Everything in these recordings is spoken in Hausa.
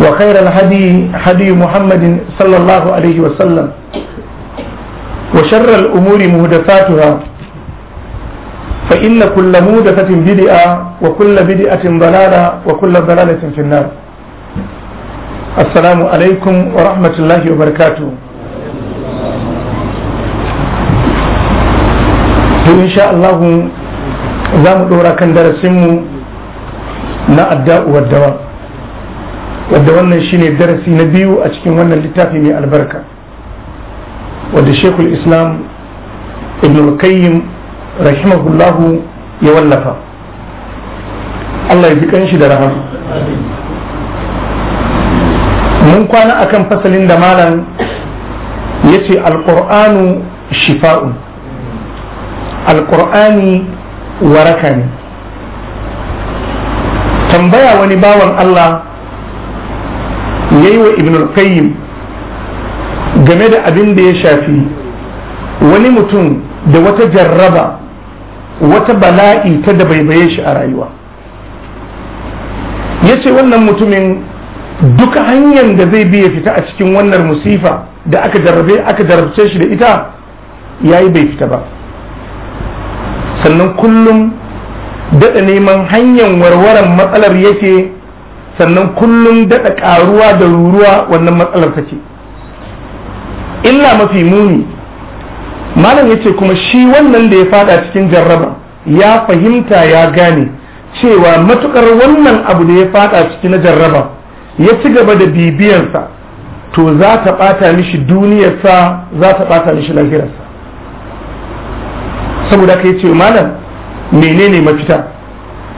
وخير الهدي هدي محمد صلى الله عليه وسلم وشر الأمور مهدفاتها فإن كل مودفة بدئة وكل بدئة ضلالة وكل ضلالة في النار السلام عليكم ورحمة الله وبركاته إن شاء الله زام دورا كان درسمه na adda'u wa wadda wannan shine darasi na biyu a cikin wannan littafi mai albarka wadda shekul islam ibn qayyim rahimahullahu ya wallafa Allah ya ji kanshi da rahama mun kwana akan fasalin da malam ya ce shifa'u. shifa'un alƙur'ani waraka ne tambaya wani bawan Allah yayi wa ibn al-qayyim game da abin da ya shafi wani mutum da wata jarraba wata bala'i ta da baibaye shi a rayuwa ya ce wannan mutumin duka hanyar da zai ya fita a cikin wannan musifa da aka jarrabe aka jarrabce shi da ita ya yi bai fita ba sannan kullum daɗa neman hanyar warwaran matsalar yake sannan kullum daɗa ƙaruwa da ruruwa wannan matsalar take illa mafi muni malam ya ce kuma shi wannan da ya fada cikin jarraba ya fahimta ya gane cewa matukar wannan abu da ya fada ciki na jarraba ya ci gaba da bibiyarsa to za ta bata mishi duniyarsa za ta bata mishi lahirarsa saboda ka yi ce malam menene mafita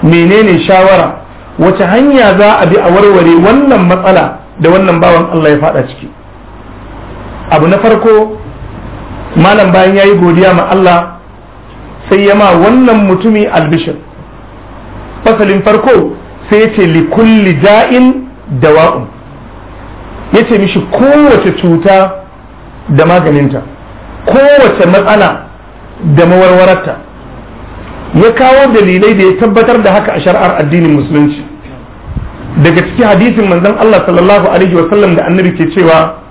menene shawara wace hanya za a bi a warware wannan matsala da wannan bawan Allah ya fada ciki abu na farko malam bayan ya yi godiya ma Allah sai ya ma wannan mutumi albishir fasalin farko sai ya ce likulli da'in dawa'un ya ce mishi kowace cuta da maganinta kowace matsala da mawarwararta ya kawo dalilai da ya tabbatar da haka a shari'ar addinin musulunci daga ciki hadisin manzon Allah sallallahu alaihi wasallam da annabi ke cewa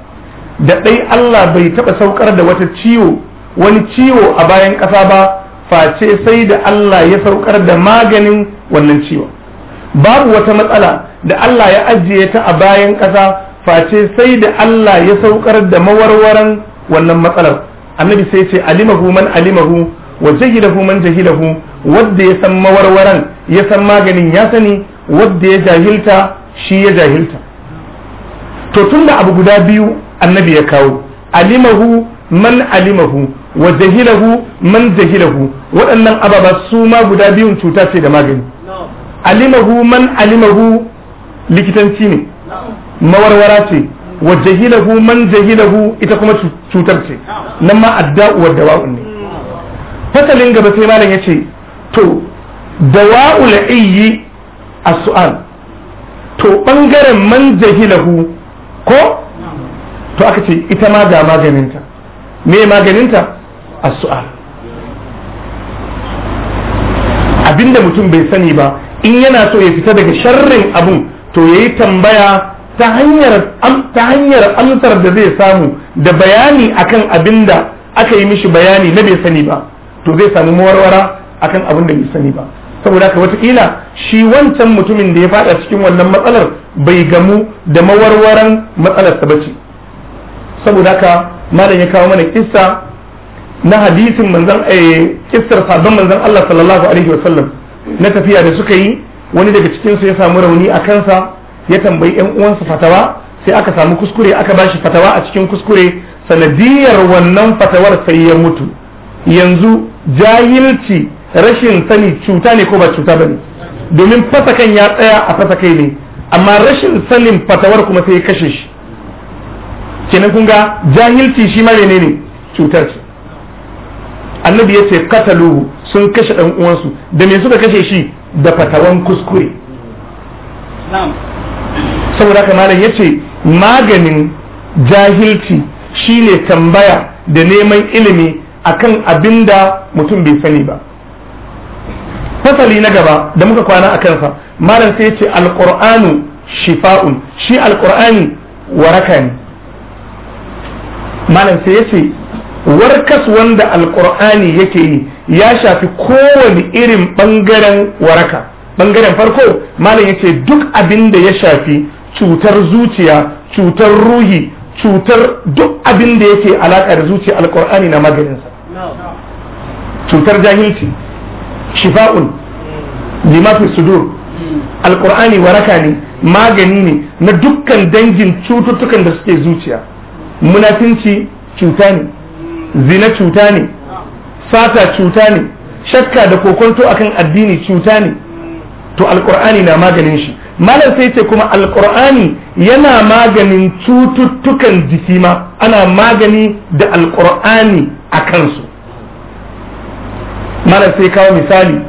da ɗai Allah bai taɓa saukar da wata ciwo wani ciwo a bayan ƙasa ba face sai da Allah ya saukar da maganin wannan ciwo babu wata matsala da Allah ya ajiye ta a bayan ƙasa face sai da Allah ya saukar da mawarwaran wannan matsalar annabi sai ce alimahu man alimahu wa jahilahu man jahilahu wadda ya san mawarwaran ya san maganin ya sani wadda ya jahilta shi ya jahilta to tunda abu guda biyu annabi ya kawo alimahu man alimahu wa jahilahu man jahilahu waɗannan ababa su ma guda biyun cuta ce da magani alimahu man alimahu likitanci ne mawarwara ce wa jahilahu man jahilahu ita kuma cutar ce nan ma adda'u wa ne fasalin gaba sai malam ya ce. to dawa'ul ayyi as-su'al to bangaren man jahilahu ko to aka ce ita ma ga maganinta me maganinta as-su'al abinda mutum bai sani ba in yana so ya fita daga sharrin abun to yayi tambaya ta hanyar ta hanyar amsar da zai samu da bayani akan abinda aka yi mishi bayani na bai sani ba to zai samu warwara? akan abin da bai sani ba saboda wata wataƙila shi wancan mutumin da ya faɗa cikin wannan matsalar bai gamu da mawarwaran matsalar ta ce saboda ka malam ya kawo mana kissa na hadisin manzon eh kissar sabon manzon Allah sallallahu alaihi wasallam na tafiya da suka yi wani daga cikin su ya samu rauni a kansa ya tambayi ƴan uwansa fatawa sai aka samu kuskure aka bashi fatawa a cikin kuskure sanadiyar wannan fatawar sai ya mutu yanzu jahilci rashin sani cuta ne ko ba cuta bane domin fasakan ya tsaya a fasakai ne amma rashin sanin fatawar kuma sai kashe shi kenan kun ga jahilci shi ma ne ne cutar shi annabi ya ce kataluhu sun kashe ɗan uwansu da me suka kashe shi da fatawan kuskure saboda haka malam ya ce maganin jahilci shine tambaya da neman ilimi akan abinda mutum bai sani ba fasali na gaba da muka kwana a kansa malam sai ce alqur'anu shifa'un shi alqur'ani waraka ne malam sai yace warkas wanda alqur'ani yake yi ya shafi kowane irin bangaren waraka bangaren farko malam yace duk abin da ya shafi cutar zuciya cutar ruhi cutar duk abin da yake alaka da zuciya alqur'ani na maganinsa cutar jahilci shifa'un lima fi sudur alqur'ani waraka ne magani ne na dukkan dangin cututtukan da suke zuciya munafinci cuta ne zina cuta ne sata cuta ne shakka da kokonto akan addini cuta ne to alqur'ani na maganin shi malam sai kuma alkur'ani yana maganin cututtukan jiki ma ana magani da al'ƙur'ani a kansu mana sai kawo misali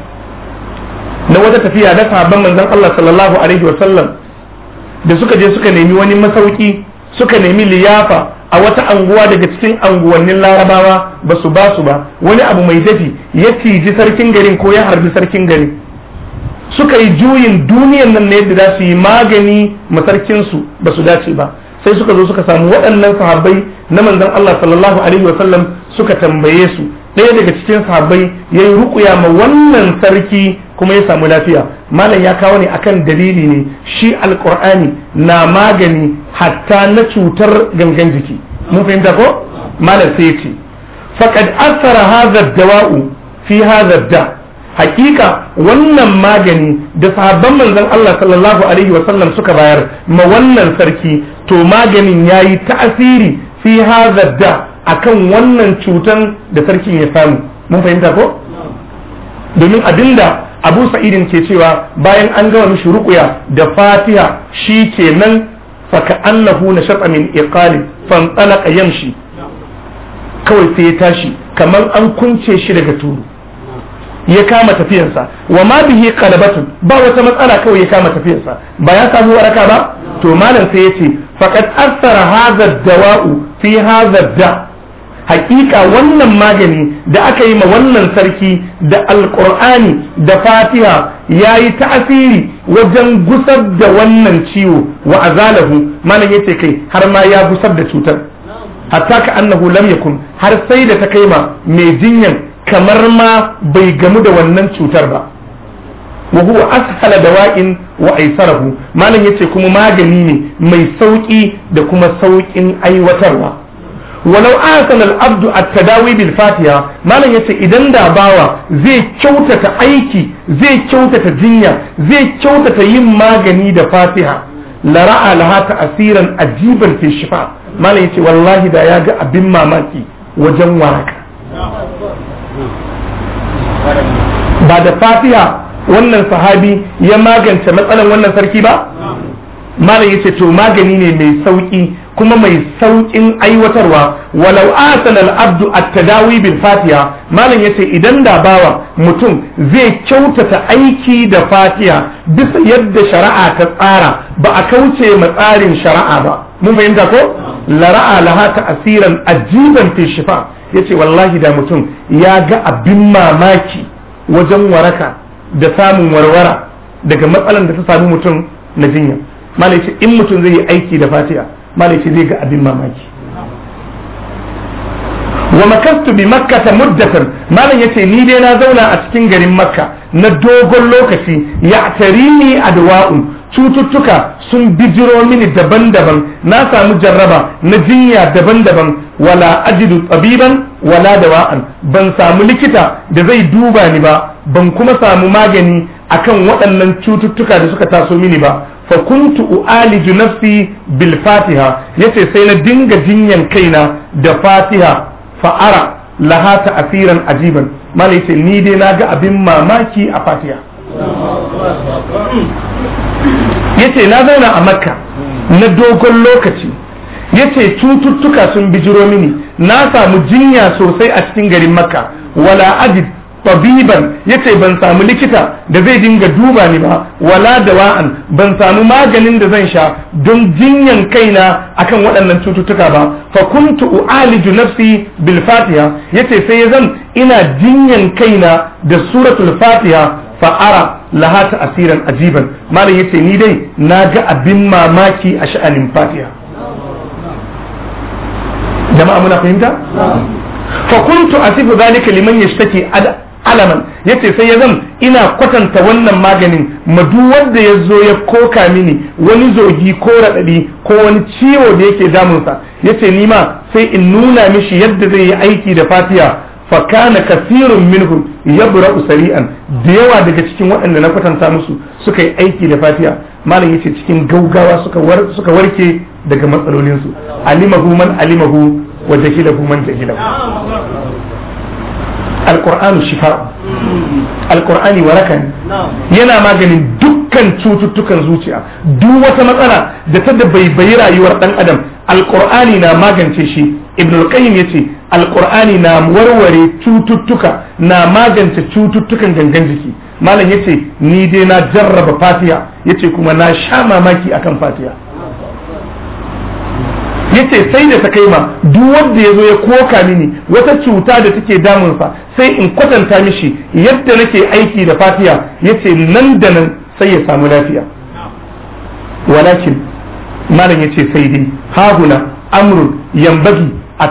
na wata tafiya da sahabban manzon Allah sallallahu alaihi wasallam da suka je suka nemi wani masauki suka nemi liyafa a wata anguwa daga cikin anguwannin larabawa ba su ba su ba wani abu mai dafi ya ciji sarkin garin ko ya harbi sarkin gari suka yi juyin duniyar nan na yadda za su yi magani su ba su dace ba sai suka zo suka samu waɗannan sahabbai na manzon Allah sallallahu alaihi wasallam suka tambaye su ɗaya daga cikin sahabbai ya yi rukuya ma wannan sarki kuma ya samu lafiya malam ya kawo ne akan dalili ne shi alkur'ani na magani hatta na cutar gangan jiki mun fahimta ko malam sai ce faqad asara hadha dawa'u fi hadha da hakika wannan magani da sahabban manzon Allah sallallahu alaihi wa sallam suka bayar ma wannan sarki to maganin yayi ta'asiri fi hadha da a kan wannan cutan da sarkin ya samu mun fahimta ko domin abinda abu sa'idin ke cewa bayan an gama mishi rukuya da fatiha shi ke nan faka annahu na shafa min iqalin fantsalaka yamshi kawai sai ya tashi kamar an kunce shi daga turu ya kama tafiyansa wa ma bihi qalabatun ba wata matsala kawai ya kama tafiyansa ba ya samu waraka ba to malam sai ya yace faqad athara hadha dawa'u fi hadha da hakika wannan magani da aka yi ma wannan sarki da alkur'ani da fatiha ya yi ta'asiri wajen gusar da wannan ciwo wa azalahu malam yace kai har ma ya gusar da cutar hatta ka annahu lam yakun har sai da ta kai ma mai jinyan kamar ma bai gamu da wannan cutar ba wa huwa ashala dawa'in wa aisarahu malam yace kuma magani ne mai sauki da kuma saukin aiwatarwa walau asan al'abdu a tadawi bil fatiha malam yace idan da bawa zai kyautata aiki zai kyautata jinya zai kyautata yin magani da fatiha la ra'a laha ta'asiran ajiban fi shifa malam yace wallahi da ya ga abin mamaki wajen waraka ba da fatiha wannan sahabi ya magance matsalan wannan sarki ba malam yace to magani ne mai sauƙi. kuma mai saukin aiwatarwa walau asana al-abdu at-tadawi bil fatiha malam yace idan da bawa mutum zai kyautata aiki da Fatiya bisa yadda shari'a ta tsara ba a kauce ma tsarin shari'a ba mun fahimta ko lara'a laha asiran ajiban fi shifa ce wallahi da mutum ya ga abin mamaki wajen waraka da samun warwara daga matsalan da ta sami mutum na jinya ya ce in mutum zai yi aiki da Fatiya. malaki zai ga abin mamaki wa makastu bi makka ta muddatan malam yace ni dai na zauna a cikin garin makka na dogon lokaci ya tarini adwa'un cututtuka sun bijiro mini daban-daban na samu jarraba na jinya daban-daban wala ajidu tabiban wala dawa'an ban samu likita da zai duba ni ba ban kuma samu magani akan waɗannan cututtuka da suka taso mini ba fa kuntu u'aliju nafsi bil fatiha yace sai na dinga jinyan kaina da fatiha fa ara laha ta'asiran ajiban malai yace ni dai naga abin mamaki a fatiha yace na zauna a makka na dogon lokaci yace cututtuka sun bijiro mini na samu jinya sosai a cikin garin makka wala ajid tabiban yace ban samu likita da zai dinga duba ni ba wala da wa'an ban samu maganin da zan sha don jinyan kaina akan waɗannan cututtuka ba fa kuntu nafsi bil fatiha yace sai ya zan ina jinyan kaina da suratul fatiha fa ara laha ta'asiran ajiban malam yace ni dai na ga abin mamaki a sha'anin fatiha jama'a muna fahimta fa kuntu asifu zalika liman yashtaki alaman ce sai ya zan ina kwatanta wannan maganin madu wanda ya zo ya koka mini wani zogi ko raɗaɗi ko wani ciwo da yake damunsa yace ni ma sai in nuna mishi yadda zai yi aiki da fatiya fa kana kasirun minhum yabra'u usari'an da yawa daga cikin waɗanda na kwatanta musu suka yi aiki da fatiya malam yace cikin gaugawa suka suka warke daga matsalolinsu alimahu man alimahu wa jahilahu man jahilahu alqur'anu shifa alqur'ani waraka yana maganin dukkan cututtukan zuciya duk wata matsala da ta da bai rayuwar dan adam alkur'ani na magance shi ibn qayyim yace alkur'ani na warware cututtuka na magance cututtukan gangan jiki malam yace ni dai na jarraba fatiya yace kuma na sha mamaki akan Fatiya. yace sai da ta kai ma duk wanda ya zo ya koka mini wata cuta da take damunsa sai in kwatanta mishi yadda nake aiki da fatiya yace nan da nan sai ya samu lafiya walakin malam yace sai dai hahuna amrun yambagi a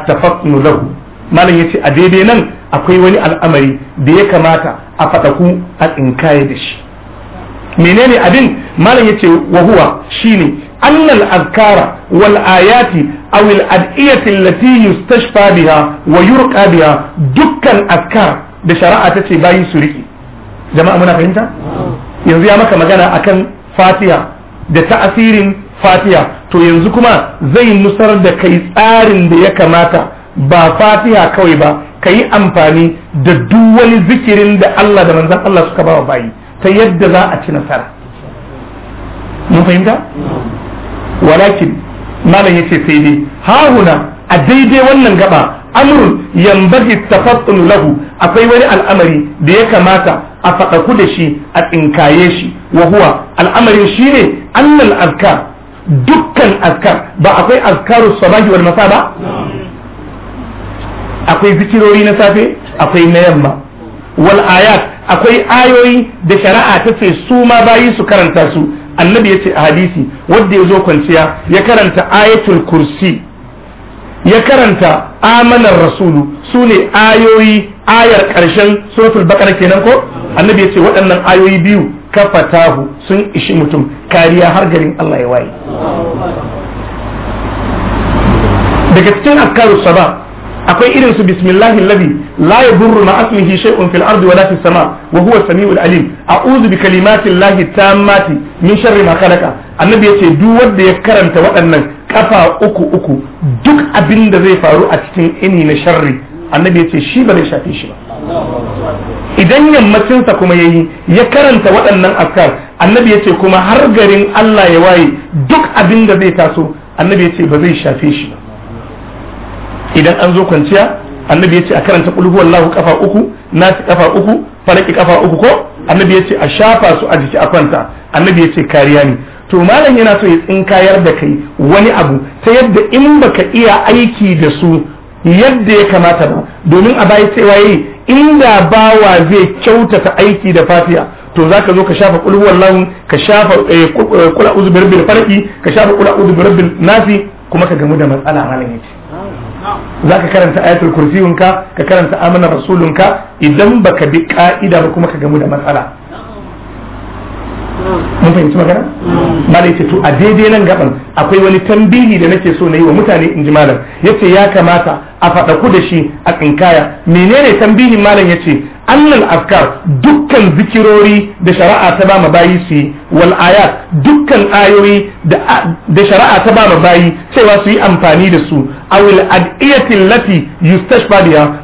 lahu malam yace a daidai nan akwai wani al'amari da ya kamata a faɗaku a tsinkaye da shi menene abin malam yace wa huwa shine أن الأذكار والآيات أو الأدئية التي يستشفى بها ويرقى بها دكا أذكار بشراءة تباي سريكي جماعة منا فهمتا؟ ينزي أمك مجانا أكن فاتحة da ta'asirin fatiha to yanzu kuma zai nusar da kai tsarin da ya kamata ba fatiha kawai ba ka yi amfani da duk wani zikirin da Allah da manzan Allah suka ba wa bayi ta yadda za a ci nasara mun fahimta walakin malam yace sai dai huna a daidai wannan gaba amrun yambaghi tafaddul lahu akwai wani al'amari da ya kamata a ku da shi a tsinkaye shi wa huwa al'amarin shine annal azkar dukkan azkar ba akwai azkaru sabahi wal masa ba akwai zikirori na safe akwai na yamma wal ayat akwai ayoyi da shari'a ta ce su ma bayi su karanta su annabi ya ce a hadisi wanda ya zo kwanciya ya karanta ayatul kursi ya karanta amanar rasulu su ne ayoyi ayar ƙarshen suratul bakar kenan ko annabi ya ce waɗannan ayoyi biyu kafatahu sun ishi mutum kariya har garin Allah ya waye daga cikin askarus akwai irin su bismillahi alladhi la yadurru ma asmihi shay'un fil ardi wala fis sama wa huwa samiul alim a'udhu bi kalimati llahi tammati min sharri ma khalaqa annabi yace duk wanda ya karanta waɗannan kafa uku uku duk abin da zai faru a cikin ini na sharri annabi yace shi ba zai shafe shi ba idan yammacinsa kuma yayi ya karanta waɗannan askar annabi yace kuma har garin Allah ya waye duk abin da zai taso annabi yace ba zai shafe shi ba idan an zo kwanciya annabi yace a karanta qul huwallahu kafa uku nasi kafa uku falaki kafa uku ko annabi yace a shafa su a jiki a kwanta annabi yace kariya ne to malam yana so ya tsinkayar da kai wani abu ta yadda in baka iya aiki da su yadda ya kamata ba domin a baya cewa yayi inda bawa zai kyautata aiki da fatiya to zaka zo ka shafa qul huwallahu ka shafa eh, eh, qul a'udhu birabbil falaki ka shafa qul a'udhu birabbil nasi kuma ka gamu da matsala malam yace Za ka karanta ayatul kursiyunka ka karanta amana rasulunka idan baka bi ka'ida ba kuma ka gamu da matsala mun fahimci magana mala to a daidai nan gaban akwai wani tambihi da nake so na yi wa mutane in ji malam yace ya kamata a faɗaku da shi a tsinkaya menene tambihin malam yace annal askar dukkan zikirori da shari'a ta ba bayi su yi wal ayat dukkan ayoyi da shari'a ta ba bayi cewa su yi amfani da su awil adiyatin lati yustashfa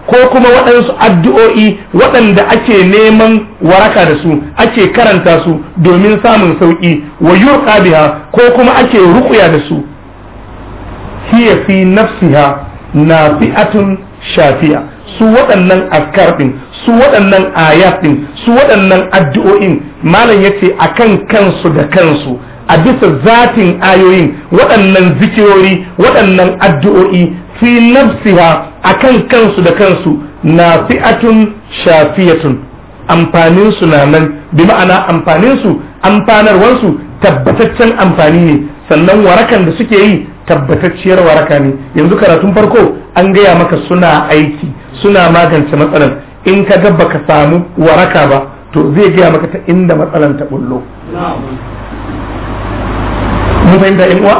ko kuma waɗansu addu'o'i waɗanda ake neman waraka da su ake karanta su domin samun sauƙi wa yurqa biha ko kuma ake ruƙuya da su hiya fi nafsiha nafi'atun shafiya su waɗannan askar ɗin su waɗannan ayatin su waɗannan addu'o'in malam yace akan kansu da kansu a bisa zatin ayoyin waɗannan zikirori waɗannan addu'o'i fi nafsiha akan kansu da kansu na fi'atun shafiyatun amfanin su na nan bi ma'ana amfanin amfanarwansu tabbataccen amfani ne sannan warakan da suke yi tabbatacciyar waraka ne yanzu karatun farko an gaya maka suna aiki suna magance matsalar in ka ga baka samu waraka ba to zai gaya maka ta inda matsalan ta bullo mun fahimta in uwa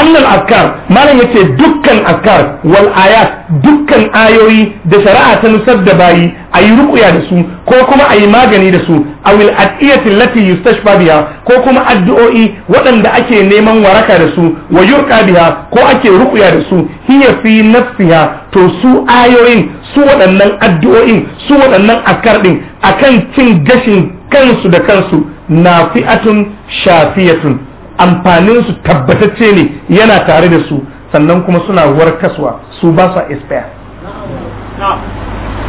annal askar malam yace dukkan askar wal ayat dukkan ayoyi da shari'a ta nusar da bayi ayi ruqya da su ko kuma ayi magani da su awil adiyati allati yustashfa biha ko kuma addu'o'i waɗanda ake neman waraka da su wa yurqa biha ko ake ruqya da su hiya fi nafsiha to su ayoyin su waɗannan addu'o'in su waɗannan askar ɗin kan cin gashin kansu da kansu na fi'atun shafiyatun amfaninsu tabbatacce ne yana tare da su sannan kuma suna warkaswa su ba su espaya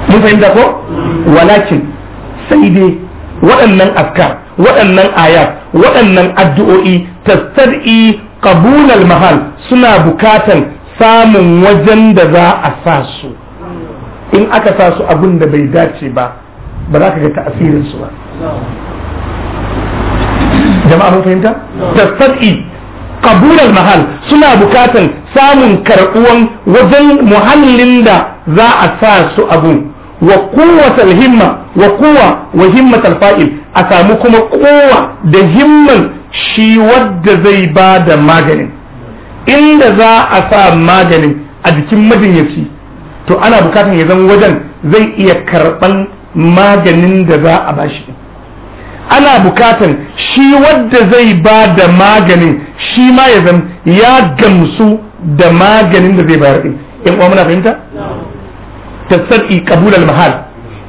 mun fahimta ko walakin sai dai waɗannan askar waɗannan ayat waɗannan addu'o'i tastad'i kabulal mahal suna bukatan samun wajen da za a sa su in aka sa su abin da bai dace ba ba za ka ga ta'asirin su ba jama'a mun fahimta tasadi qabular mahal suna bukatan samun karɓuwan wajen muhallin da za a sa su abun wa kowatal himma wa kowa wa fa'il a samu kuma kowa da himman shi wadda zai ba da maganin inda za a sa maganin a jikin majinyaci to ana bukatar ya zan wajen zai iya karɓan maganin da za a bashi ana bukatar shi wadda zai ba da maganin shi ma ya zan ya gamsu da maganin da zai bayar din in uwa muna fahimta ta qabul kabulal mahal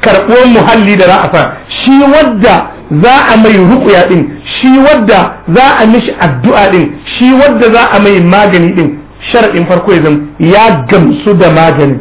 karɓo muhalli da za a sa shi wadda za a mai rukuya din shi wadda za a mishi addu'a din shi wadda za a mai magani din sharaɗin farko ya zan ya gamsu da maganin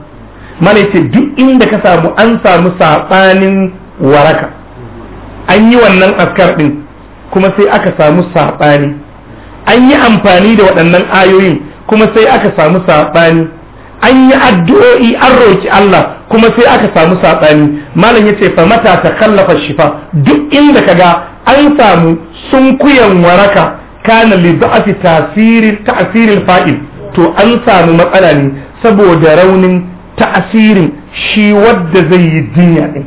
mana ce duk inda ka samu an samu saɓanin waraka an yi wannan askar ɗin kuma sai aka samu saɓani an yi amfani da waɗannan ayoyin kuma sai aka samu saɓani an yi addu'o'i an roki Allah kuma sai aka samu saɓani malam ya ce fa mata ta kallafa shifa duk inda ka ga an samu sunkuyan waraka kana li da'ati tasirin ta'sirin fa'il to an samu matsala ne saboda raunin ta'asirin shi wadda zai yi jinya din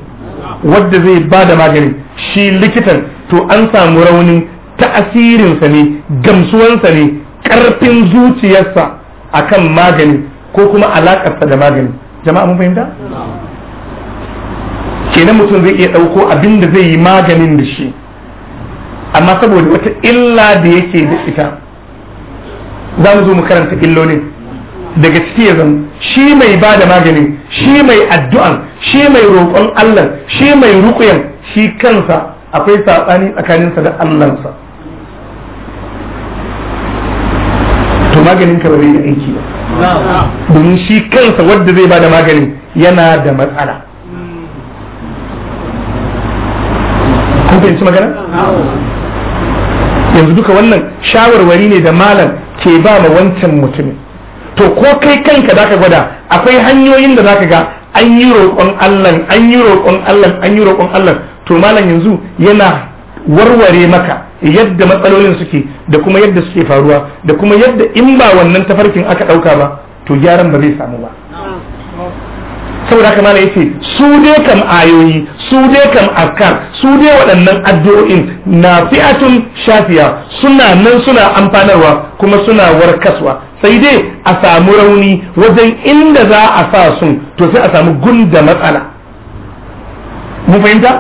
wadda zai ba da magani, shi likitan to an samu raunin ta'asirinsa ne gamsuwansa ne ƙarfin zuciyarsa a kan magani ko kuma alakarsa da magani jama'a mun fahimta kenan mutum zai iya ɗauko abin da zai yi maganin da shi amma saboda wata illa da yake da ita za mu zo mu karanta illolin daga ciki ya zan shi mai ba da maganin shi mai addu'an shi mai roƙon Allah shi mai rukuyan shi kansa akwai saɓani tsakaninsa da Allahnsa to maganin ka ba zai aiki ba domin shi kansa wadda zai ba da maganin yana da matsala kun fahimci magana yanzu duka wannan shawarwari ne da malam ke ba ma wancan mutumin to ko kai kanka zaka gwada akwai hanyoyin da zaka ga an yi roƙon Allah an yi roƙon Allah an yi roƙon Allah to malam yanzu yana warware maka yadda matsalolin suke da kuma yadda suke faruwa da kuma yadda in ba wannan tafarkin aka ɗauka ba to gyaran ba zai samu ba saboda haka malam yace su dai kam ayoyi su dai kam askar su dai waɗannan addu'o'in na fi'atun shafiya suna nan suna amfanarwa kuma suna warkaswa sai dai a samu rauni wajen inda za a sa sun to sai a samu gunda matsala mu fahimta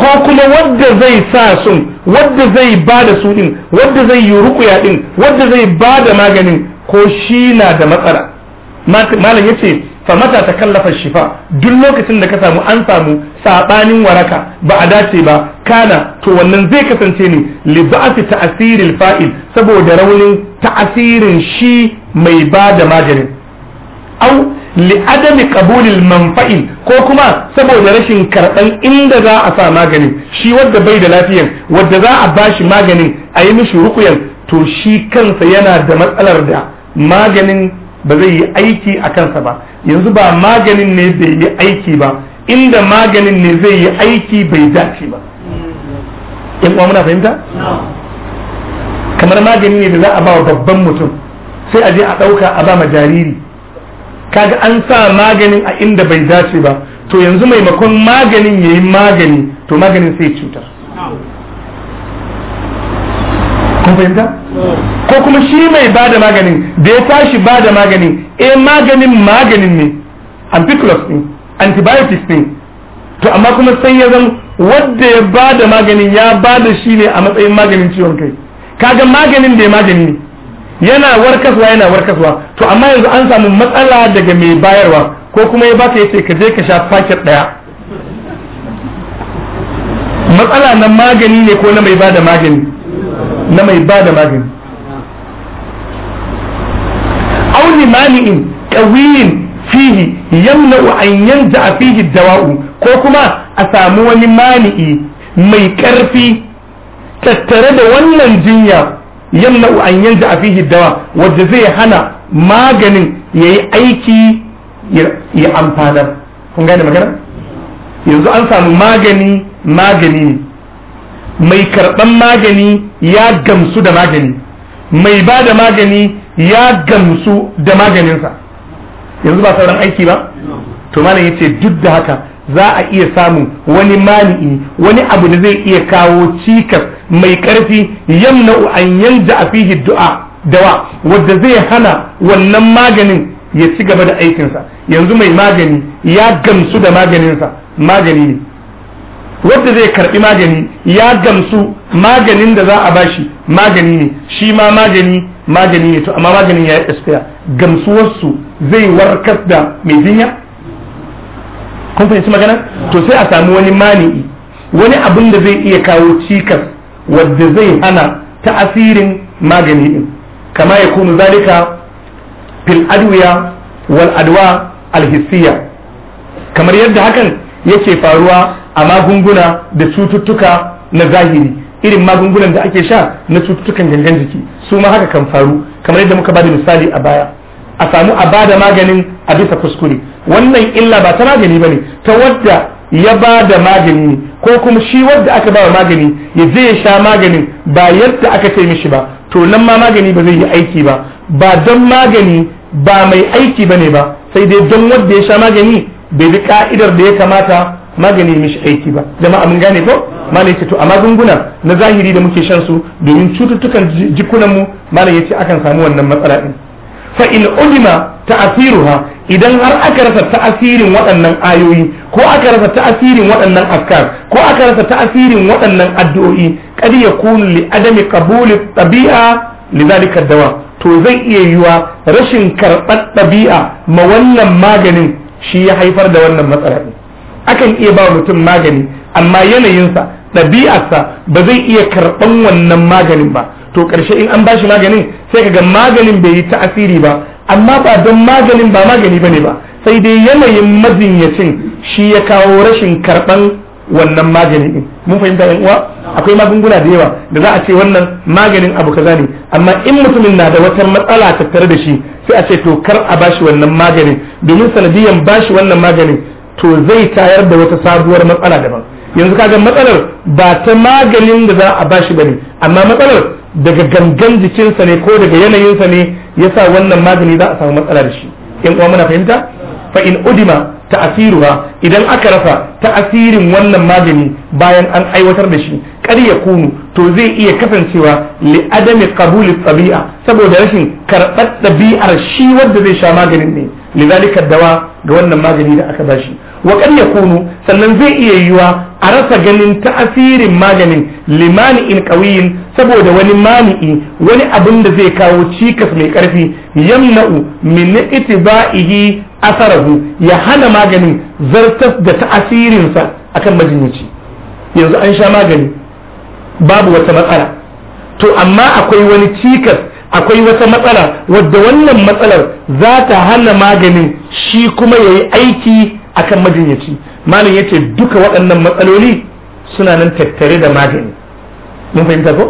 ko kuma wadda zai sa sun wadda zai ba da su din wadda zai yi rukuya din wadda zai ba da maganin ko shi na da matsala malam ya ce fa mata ta kallafa shifa duk lokacin da ka samu an samu saɓanin waraka ba a dace ba kana to wannan zai kasance ne li ta'asiril fa'il saboda raunin ta'asirin shi mai ba da maganin au li adami qabulil manfa'il ko kuma saboda rashin karban inda za a sa maganin shi wanda bai da lafiyan wanda za a bashi maganin a yi mishi rukuyan to shi kansa yana da matsalar da maganin ba zai yi aiki a kansa ba yanzu ba maganin ne bai yi aiki ba inda maganin ne zai yi aiki bai dace ba yan uwa muna fahimta kamar magani ne da za a ba wa babban mutum sai a je a ɗauka a ba ma jariri kaga an sa maganin a inda bai dace ba to yanzu maimakon maganin ya yi magani to maganin sai cuta. kun fahimta ko kuma shi mai ba da maganin da ya tashi ba da maganin eh maganin maganin ne ampiculus ne antibiotics ne to amma kuma sai ya zan wanda ya ba da maganin ya ba da shi ne a matsayin maganin ciwon kai kaga maganin da ya magani ne yana warkaswa yana warkaswa to amma yanzu an samu matsala daga mai bayarwa ko kuma ya baka yace ka je ka sha paket daya matsala na magani ne ko na mai ba da magani na mai ba da magani auni limani'in qawiyin fihi yamna'u an a fihi dawa'u ko kuma a samu wani mani'i mai ƙarfi tattare da wannan jinya yamma an yanzu a fihi dawa wadda zai hana maganin ya yi aiki ya amfanar kun gane magana yanzu an samu magani magani ne mai karɓan magani ya gamsu da magani mai ba da magani ya gamsu da maganinsa yanzu ba sauran aiki ba to malam yace duk da haka za a iya samun wani mali'i wani abu da zai iya kawo cikas mai karfi yamna'u an yanja a fihi du'a dawa wadda zai hana wannan maganin ya ci gaba da aikinsa yanzu mai magani ya gamsu da maganinsa magani ne wadda zai karbi magani ya gamsu maganin da za a bashi magani ne shi ma magani magani ne to amma maganin ya yi gamsuwarsu zai warkar da mai jinya kun fahimci magana to sai a samu wani mani'i wani abin da zai iya kawo cikas wadda zai hana ta'asirin magani din kama ya kunu zalika fil adwiya wal adwa al kamar yadda hakan yake faruwa a magunguna da cututtuka na zahiri irin magungunan da ake sha na cututtukan gangan jiki su ma haka kan faru kamar yadda muka bada misali a baya a samu a bada maganin a bisa kuskure wannan illa ba ta magani ba ne ta wadda ya ba da magani ko kuma shi wadda aka ba wa magani ya je ya sha maganin ba yadda aka ce mishi ba to nan ma magani ba zai yi aiki ba ba don magani ba mai aiki ba ne ba sai dai don wadda ya sha magani bai bi ka'idar da ya kamata magani mishi aiki ba jama'a mun gane ko malai ce to a magunguna na zahiri da muke shan su domin cututtukan jikunanmu malai ya ce akan samu wannan matsala din fa in ulima ta'athiruha idan har aka rasa ta'asirin waɗannan ayoyi ko aka rasa ta'asirin waɗannan askar ko aka rasa ta'asirin waɗannan addu'o'i kad yakunu li adami qabuli tabi'a lidhalika dawa to zai iya yiwa rashin karɓar ɗabi'a ma wannan maganin shi ya haifar da wannan matsala akan iya ba mutum magani amma yanayinsa ɗabi'arsa ba zai iya karɓan wannan maganin ba to ƙarshe in an ba shi maganin sai kaga maganin bai yi ta'asiri ba amma ba don maganin ba magani bane ba sai dai yanayin majinyacin shi ya kawo rashin karɓan wannan maganin din mun fahimta yan uwa akwai magunguna da yawa da za a ce wannan maganin abu kaza ne amma in mutumin na da wata matsala tattare da shi sai a ce to kar a bashi wannan maganin domin sanadiyan bashi wannan maganin to zai tayar da wata sabuwar matsala daban yanzu kaga matsalar ba ta maganin da za a bashi bane amma matsalar daga gangan jikinsa ne ko daga yanayinsa ne yasa wannan magani za a samu matsala da shi in uwa muna fahimta fa in udima ta'asiruha idan aka rasa ta'asirin wannan magani bayan an aiwatar da shi karya ya kunu to zai iya kasancewa li adami qabuli tabi'a saboda rashin karɓar ɗabi'ar shi wanda zai sha maganin ne lidalika dawa ga wannan magani da aka bashi wa kan yakunu sannan zai iya yiwa a rasa ganin ta'asirin maganin in qawiyin saboda wani mani'i wani abin da zai kawo cikas mai karfi yamna'u min ittiba'ihi asarahu ya hana maganin zartas da ta'asirinsa akan majinyaci yanzu an sha magani babu wata matsala to amma akwai wani cikas akwai wata matsala wadda wannan matsalar za ta hana maganin shi kuma ya yi aiki akan majinyaci malam yace duka waɗannan matsaloli suna nan tattare da magani mun fahimta ko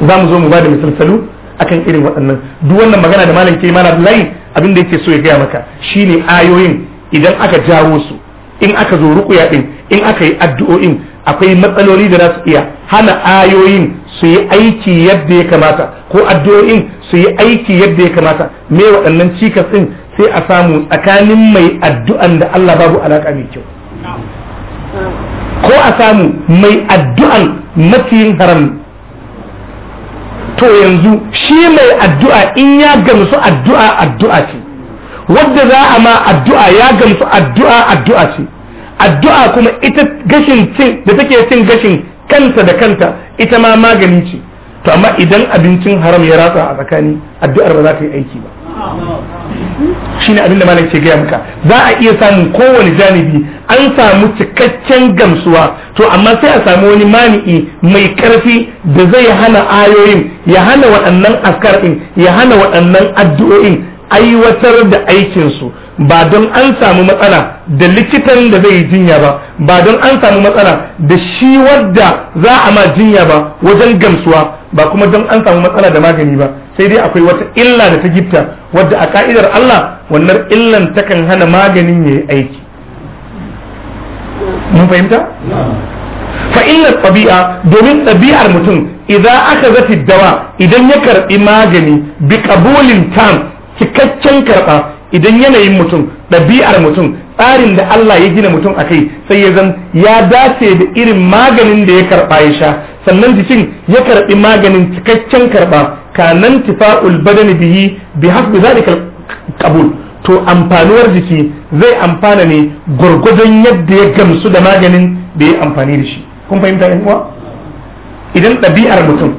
za mu zo mu bada misalsalu akan irin waɗannan duk wannan magana da malam ke mana Abdullahi abin da yake so ya gaya maka shine ayoyin idan aka jawo su in aka zo rukuya din in aka yi addu'o'in akwai matsaloli da za su iya hana ayoyin su yi aiki yadda ya kamata ko addu'o'in su yi aiki yadda ya kamata me waɗannan cikas din sai a samu tsakanin mai addu'an da Allah babu alaka mai kyau ko a samu mai addu'an maciyin haram to yanzu shi mai addu'a in ya gamsu addu'a addu'a ce wadda za a ma addu'a ya gamsu addu'a addu'a ce addu'a kuma ita gashin cin da take cin gashin kanta da kanta ita ma magani ce to amma idan abincin haram ya ratsa a tsakani addu'ar ba za ta yi aiki ba shine abin da malam ke gaya muka za a iya samun kowane janibi an samu cikakken gamsuwa to amma sai a samu wani mani'i mai karfi da zai hana ayoyin ya hana waɗannan askar ya hana waɗannan addu'o'in aiwatar da aikinsu ba don an samu matsala da likitan da zai yi jinya ba ba don an samu matsala da shi wadda za a ma jinya ba wajen gamsuwa ba kuma don an samu matsala da magani ba sai dai akwai wata illa da ta gifta wadda a ka'idar Allah wannan illan takan hana maganin yayi aiki mun fahimta fa illa tabi'a domin tabi'ar mutum idza aka zafi dawa idan ya karbi magani bi qabulin tam cikakken karba idan yanayin mutum ɗabi'ar mutum tsarin da Allah ya gina mutum a kai sai ya zan ya dace da irin maganin da ya karɓa ya sha sannan jikin ya karɓi maganin cikakken karɓa kanan tifa'ul badani bihi bi hasbi zalika kabul to amfanuwar jiki zai amfana ne gwargwadon yadda ya gamsu da maganin da ya amfani da shi kun fahimta yan uwa idan ɗabi'ar mutum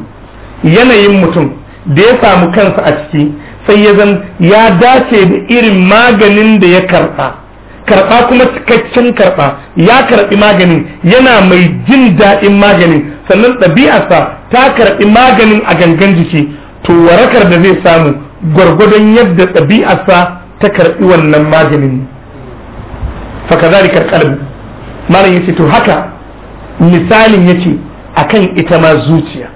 yanayin mutum da ya samu kansa a ciki sai ya zan ya dace da irin maganin da ya karɓa karɓa kuma cikakken karɓa ya karɓi maganin yana mai jin daɗin maganin sannan ɗabi'arsa ta karɓi maganin a gangan jiki to warakar da zai samu gwargwadon yadda ɗabi'arsa ta karɓi wannan maganin faka zalikar malam yace to haka misalin yace akan ita ma zuciya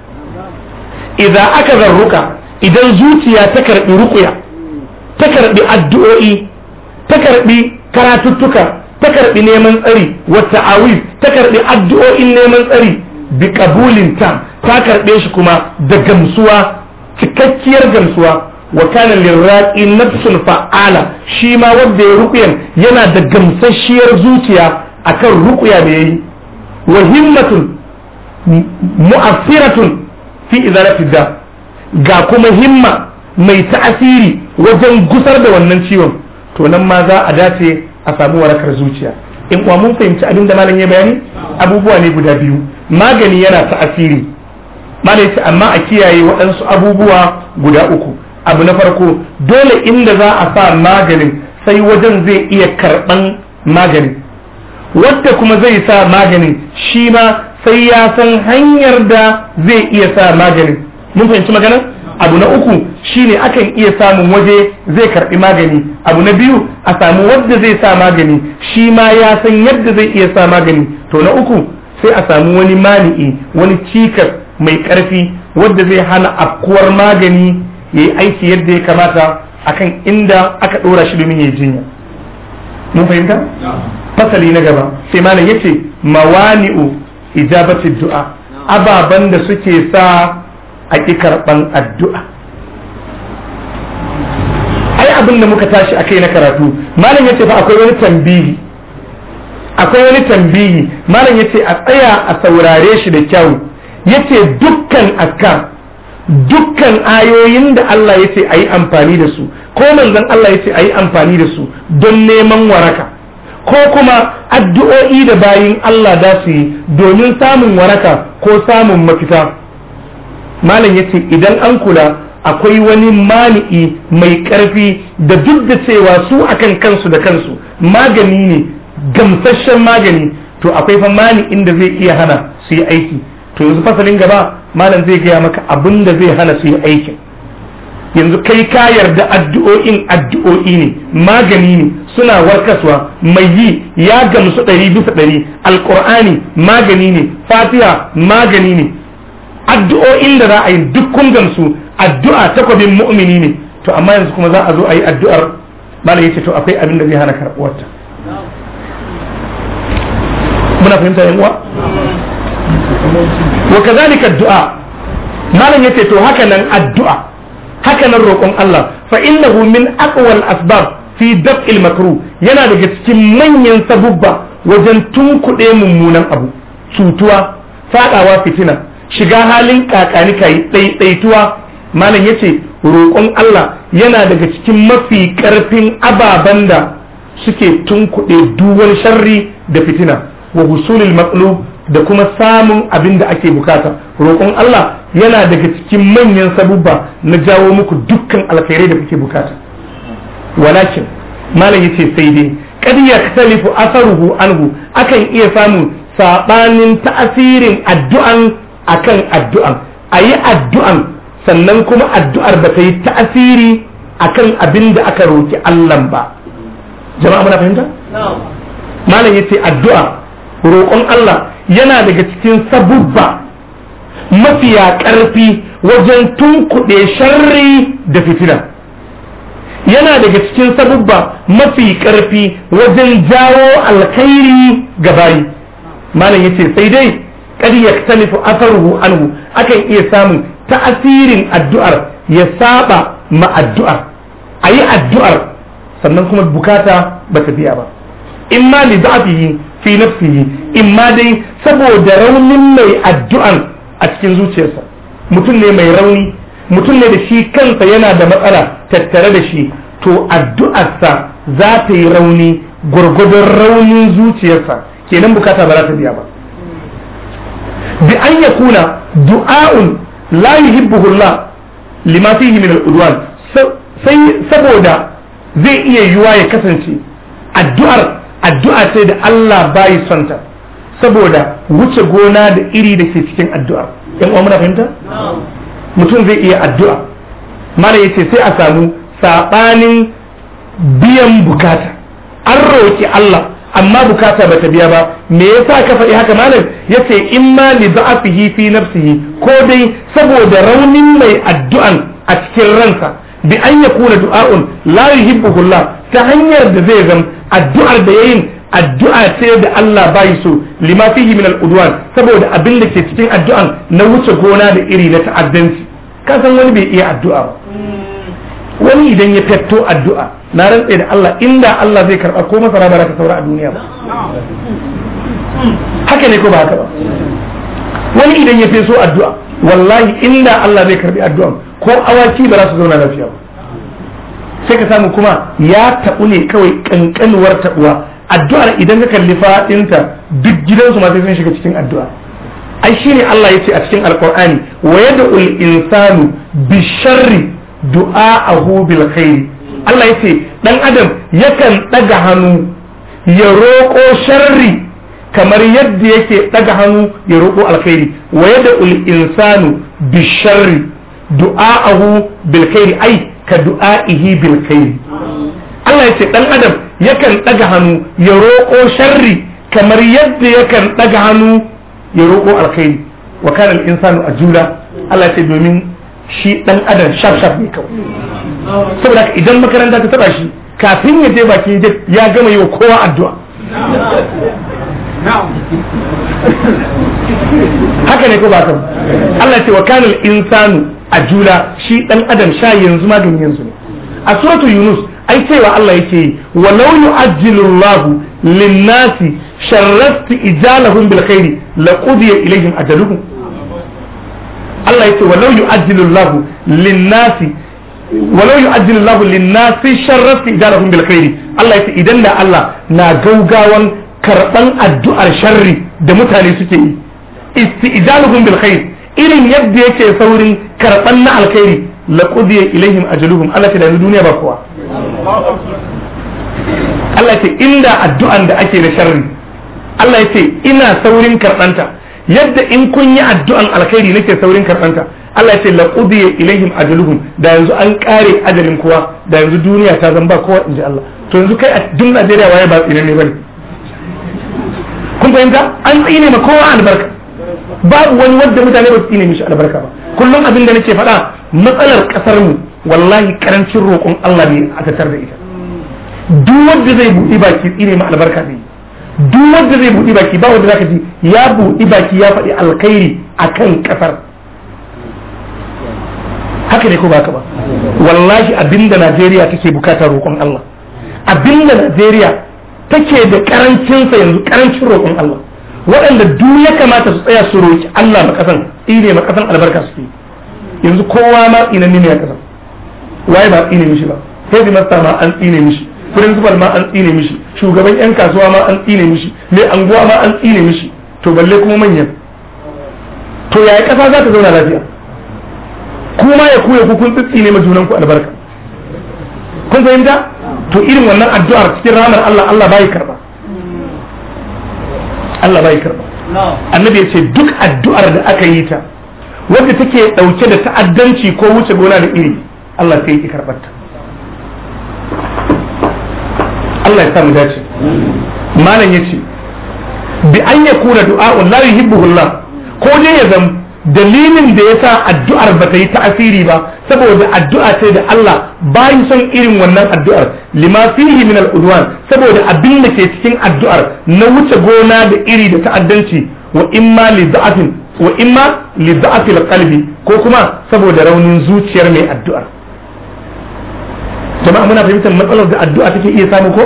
idan aka zarruka idan zuciya ta karbi rukuya ta karbi addu'o'i ta karbi karatuttuka ta karbi neman tsari wa ta'awiz ta karbi addu'o'in neman tsari bi kabulin ta ta karbe shi kuma da gamsuwa cikakkiyar gamsuwa wa kana lirraqi nafsul fa'ala shi ma wanda ya rukuyan yana da gamsasshiyar zuciya akan rukuya da yayi wa himmatun mu'affiratun fi idaratid da ga kuma himma mai ta'asiri wajen gusar da wannan ciwon to nan ma za a dace a samu warakar zuciya in kuwa mun fahimci abin da malam ya bayani abubuwa ne guda biyu magani yana ta'asiri malam ce amma a kiyaye waɗansu abubuwa guda uku abu na farko dole inda za a sa maganin sai wajen zai iya karɓan maganin wadda kuma zai sa maganin shi ma sai ya san hanyar da zai iya sa maganin mun fahimci maganar abu na uku shine akan iya samun waje zai karbi magani abu na biyu a samu wanda zai sa magani shi ma ya san yadda zai iya sa magani to na uku sai a samu wani mani'i wani cikas mai karfi wanda zai hana afkuwar magani ya yi aiki yadda ya kamata akan inda aka dora shi domin ya jinya mun fahimta fasali na gaba sai malam yace mawani'u ijabati du'a ababan da suke sa a ƙi karɓan addu'a ai abin da muka tashi a kai na karatu malam ya ce fa akwai wani tambihi akwai wani tambihi malam ya ce a tsaya a saurare shi da kyau ya ce dukkan akka dukkan ayoyin da Allah ya ce a yi amfani da su ko manzon Allah ya ce a yi amfani da su don neman waraka ko kuma addu'o'i da bayin Allah da su yi domin samun waraka ko samun mafita malam ya ce idan an kula akwai wani mani'i mai karfi da duk da cewa su akan kansu da kansu magani ne gamsashen magani to akwai fa mani'in da zai iya hana su yi aiki to yanzu fasalin gaba malam zai gaya maka abin da zai hana su yi aikin yanzu kai ka yarda addu'o'in addu'o'i ne magani ne suna warkaswa mai yi ya gamsu ɗari bisa ɗari alƙur'ani magani ne fatiha magani ne addu'o'in da za a yi duk kun gamsu addu'a takwabin mu'mini ne to amma yanzu kuma za a zo a yi addu'ar malam yace to akwai abin da zai hana karɓuwarta muna fahimta yan uwa wa kazalika addu'a malam yace to haka nan addu'a haka nan roƙon Allah fa innahu min aqwal asbab fi daf'il makruh yana daga cikin manyan sabubba wajen tunkuɗe mummunan abu cutuwa faɗawa fitina shiga halin kakani kai ɗaiɗaituwa malam yace roƙon Allah yana daga cikin mafi ƙarfin ababen da suke tunkuɗe duwar sharri da fitina wa husulil maqlub da kuma samun abin da ake bukata roƙon Allah yana daga cikin manyan sabubba na jawo muku dukkan alkhairai da kuke bukata walakin malam yace sai dai kad yaktalifu asaruhu anhu akan iya samun sabanin ta'asirin addu'an akan addu'an ayi addu'an sannan kuma addu'ar ba ta yi ta'asiri akan abin da aka roki Allah ba jama'a muna fahimta malam yace addu'a roƙon Allah yana daga cikin sabubba mafiya ƙarfi wajen tunkuɗe sharri da fitina yana daga cikin sabubba mafi ƙarfi wajen jawo alkhairi ga bayi malam yace sai dai kad yaktalifu asaruhu anhu akan iya samun ta'asirin addu'ar ya saba ma addu'ar ayi addu'ar sannan kuma bukata ba ta biya ba ma li da'fihi fi nafsihi imma dai saboda raunin mai addu'an a cikin zuciyarsa mutum ne mai rauni mutum ne da shi kansa yana da matsala tattare da shi to addu'arsa za ta yi rauni gwargwadon raunin zuciyarsa kenan bukata ba za ta biya ba bi an yakuna du'a'un la yuhibbuhu Allah lima fihi min al-udwan sai saboda zai iya yiwa ya kasance addu'ar addu'a sai da Allah bai son ta saboda wuce gona da iri da ke cikin addu'a yan uwa muna fahimta mutum zai iya addu'a mala yace sai a samu sabanin biyan bukata an roki Allah amma bukata bata biya ba me yasa ka faɗi haka malam yace in ma li da'afihi fi nafsihi ko dai saboda raunin mai addu'an a cikin ransa bi an yakuna du'a'un la yuhibbu Allah ta hanyar da zai zama addu'ar da yayin addu'a ce da Allah bai so lima fihi min al-udwan saboda abin da ke cikin addu'an na wuce gona da iri na ta'addanci kasan wani bai iya addu'a ba wani idan ya fetto addu'a na rantsa da Allah inda Allah zai karba ko masara ba ta saura a duniya ba haka ne ko ba haka ba wani idan ya feso addu'a wallahi inda Allah zai karɓi addu'a ko awaki ba za su zauna lafiya ba sai ka samu kuma ya taɓu ne kawai kankanuwar taɓuwa addu'ar idan ka kalli faɗinta duk gidansu ma sai sun shiga cikin addu'a ai shine Allah yace a cikin alqur'ani wa yad'ul insanu bisharri Du'a a bil khair Allah yace dan adam yakan ɗaga hannu ya roƙo sharri kamar yadda yake ɗaga hannu ya roƙo alkhairi wa yad'ul insanu bisharri du'a'ahu bil bilkairi. ai ka du'a'ihi bil khair Allah yace ɗan adam yakan ɗaga hannu ya roƙo sharri kamar yadda yakan ɗaga hannu ya roƙo alkhairi wa kana al insanu ajula Allah yace domin shi dan adam sharp sharp ne kawai saboda idan makaranta ta taba shi kafin ya je bakin ya gama yi wa kowa addu'a haka ne ko ba ta Allah ce wa kanal insanu a jula shi dan adam sha yanzu ma don yanzu ne a suratu yunus ai cewa Allah yake walau yu'ajjilu Allah lin-nasi sharrasti ijalahum bil khairi laqudiya ilayhim ajaluhum Allah yake walau yu'ajjilu Allahu lin-nasi walau yu'ajjilu Allahu lin-nasi sharra ijarahum bil khairi Allah yake idan da Allah na gaugawan karban addu'ar sharri da mutane suke yi istijaluhum bil khair irin yadda yake saurin karban na alkhairi la qudiya ilaihim ajaluhum Allah ta da duniya ba kowa Allah ce inda addu'an da ake da sharri Allah ya ina saurin karɓanta yadda in kun yi addu'an alkhairi nake saurin karɓanta Allah ya ce la qudiya ilaihim ajaluhum da yanzu an kare ajalin kowa da yanzu duniya ta zan ba kowa inji Allah to yanzu kai a duk Najeriya waye ba tsine ne bane kun fahimta an tsine ma kowa albarka babu wani wanda mutane ba su tsine mishi albarka ba kullum abin da nake faɗa matsalar kasar mu wallahi karancin roƙon Allah ne a tattar da ita duk wanda zai buɗe baki tsine ma albarka ne duk wanda zai buɗi baki ba wanda zaka ji ya buɗi baki ya faɗi alkhairi akan ƙasar haka ne ko ba ka ba wallahi abinda Najeriya take bukata roƙon Allah abinda Najeriya take da ƙarancinsa yanzu ƙarancin roƙon Allah waɗanda duk ya kamata su tsaya su roƙi Allah ma kasan tsire ma kasan albarka su yanzu kowa ma tsinanni ne ya kasan waye ba tsine mishi ba sai ma an tsine mishi principal ma an tsine mishi shugaban yan kasuwa ma an tsine mishi mai anguwa ma an tsine mishi to balle kuma manyan to yaya kasa za ta zauna lafiya kuma ya kuya ku kun tsine ma junan ku albarka kun fahimta to irin wannan addu'ar cikin ranar Allah Allah bai karba Allah bai karba annabi ya ce duk addu'ar da aka yi ta wanda take dauke da ta'addanci ko wuce gona da iri Allah sai ya karbar ta Allah ya sa dace malam yace bi an kura du'a la yuhibbuhu ko dai ya zama dalilin da ya sa addu'ar ba ta yi ta'asiri ba saboda addu'a ce da Allah bayan son irin wannan addu'ar lima fihi min al'udwan saboda abin da ke cikin addu'ar na wuce gona da iri da ta'addanci wa imma li wa imma li qalbi ko kuma saboda raunin zuciyar mai addu'ar jama'a muna fahimtar matsalar da addu'a take iya samu ko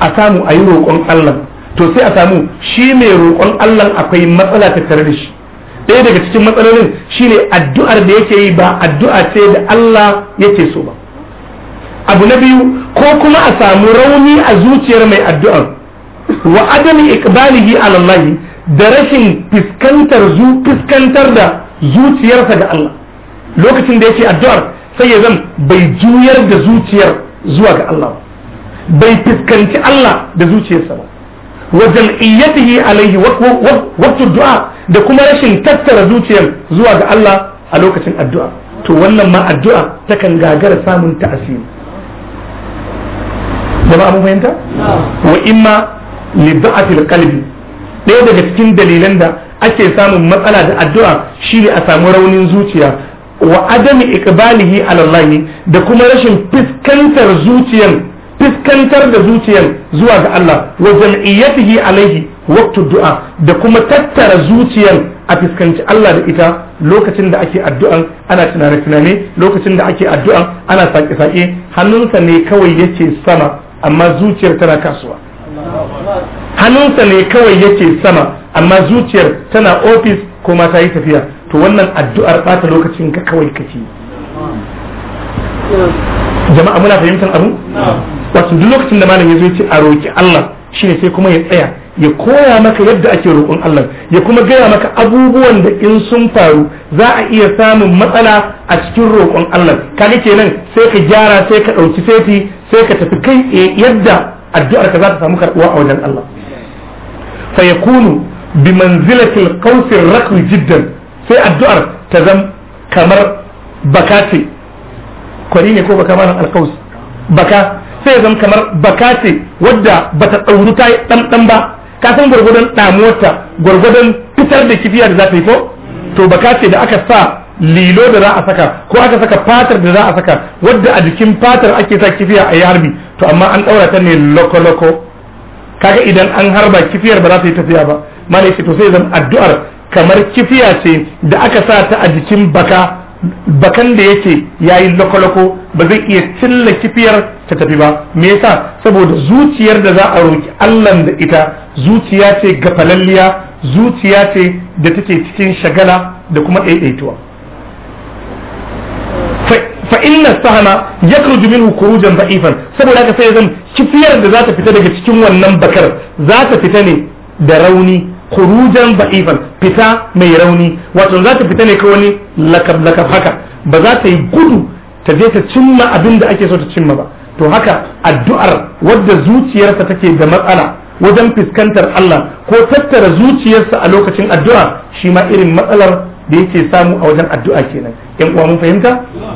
a samu a yi roƙon Allah to sai a samu shi mai roƙon Allah akwai matsala ta tare da shi ɗaya daga cikin matsalolin shine addu'ar da yake yi ba addu'a ce da Allah yake so ba abu na biyu ko kuma a samu rauni a zuciyar mai addu'a wa adami iqbalihi ala Allah da rashin fiskantar zu da zuciyarsa ga Allah lokacin da yake addu'ar sai ya zan bai juyar da zuciyar zuwa ga Allah bai fuskanci Allah da zuciyarsa ba wa jam'iyyatihi alaihi waqtu du'a da kuma rashin tattara zuciyar zuwa ga Allah a lokacin addu'a to wannan ma addu'a ta kan gagara samun ta'asiri jama'a mun fahimta wa imma li da'atil qalbi ɗaya daga cikin dalilan da ake samun matsala da addu'a shi ne a samu raunin zuciya wa adami iqbalihi ala Allah da kuma rashin fiskantar zuciyar fiskantar da zuciyar zuwa ga Allah wa jam'iyyatihi alaihi waqtu du'a da kuma tattara zuciyar a fiskanci Allah da ita lokacin da ake addu'an ana tunane tunane lokacin da ake addu'an ana sake sake hannunsa ne kawai yake sama amma zuciyar tana kasuwa hannunsa ne kawai yake sama amma zuciyar tana ofis ko ta yi tafiya to wannan addu'ar bata lokacin ka kawai kake jama'a muna fahimtar abu wato duk lokacin da malam ya zo ce a roki Allah shine sai kuma ya tsaya ya koya maka yadda ake roƙon Allah ya kuma gaya maka abubuwan da in sun faru za a iya samun matsala a cikin roƙon Allah kaga kenan sai ka gyara sai ka ɗauki seti sai ka tafi kai yadda addu'ar ka za ta samu karɓuwa a wajen Allah fa yakunu bi manzilatil qawsir rakwi jiddan sai addu'ar ta zam kamar baka ce kwari ne ko baka malam alkaus baka sai zam kamar baka ce wadda bata tsauru ta yi ɗanɗan ba ka san gwargwadon ɗamuwarta gwargwadon fitar da kifiya da za ta yi ko to baka ce da aka sa lilo da za a saka ko aka saka fatar da za a saka wadda a jikin fatar ake sa kifiya a yi harbi to amma an ɗaura ta ne loko-loko kaga idan an harba kifiyar ba za ta yi tafiya ba mana to sai zan addu'ar kamar kifiya ce da aka sa ta a jikin baka bakan da yake yayi lokoloko ba zai iya cilla kifiyar ta tafi ba me yasa saboda zuciyar da za a roki Allah da ita zuciya ce gafalalliya zuciya ce da take cikin shagala da kuma daidaituwa fa inna sahana yakruju minhu khurujan da'ifan saboda haka sai zan kifiyar da za ta fita daga cikin wannan bakar za ta fita ne da rauni khurujan ba'ifan fita mai rauni wato za ta fita ne ka wani lakab lakab haka ba za ta yi gudu ta je ta cimma abin da ake so ta cimma ba to haka addu'ar wadda zuciyarsa take da matsala wajen fuskantar Allah ko tattara zuciyarsa a lokacin addu'a shi ma irin matsalar da yake samu a wajen addu'a kenan yan uwa mun fahimta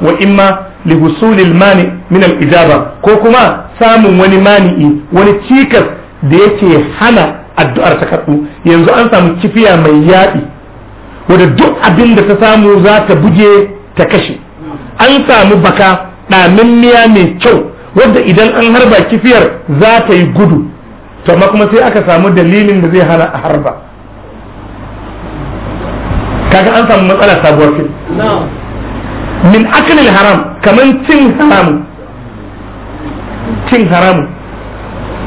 wa imma li husulil mani min al ijaba ko kuma samun wani mani'i wani cikas da yake hana addu'ar ta karɓu yanzu an samu kifiya mai yaɗi wadda duk abin da ta samu za ta buge ta kashe an samu baka miya mai kyau wadda idan an harba kifiyar za ta yi gudu to amma kuma sai aka samu dalilin da zai hana a harba kaga an samu matsala sabuwar fil min akalil haram kamar cin haramu cin haramu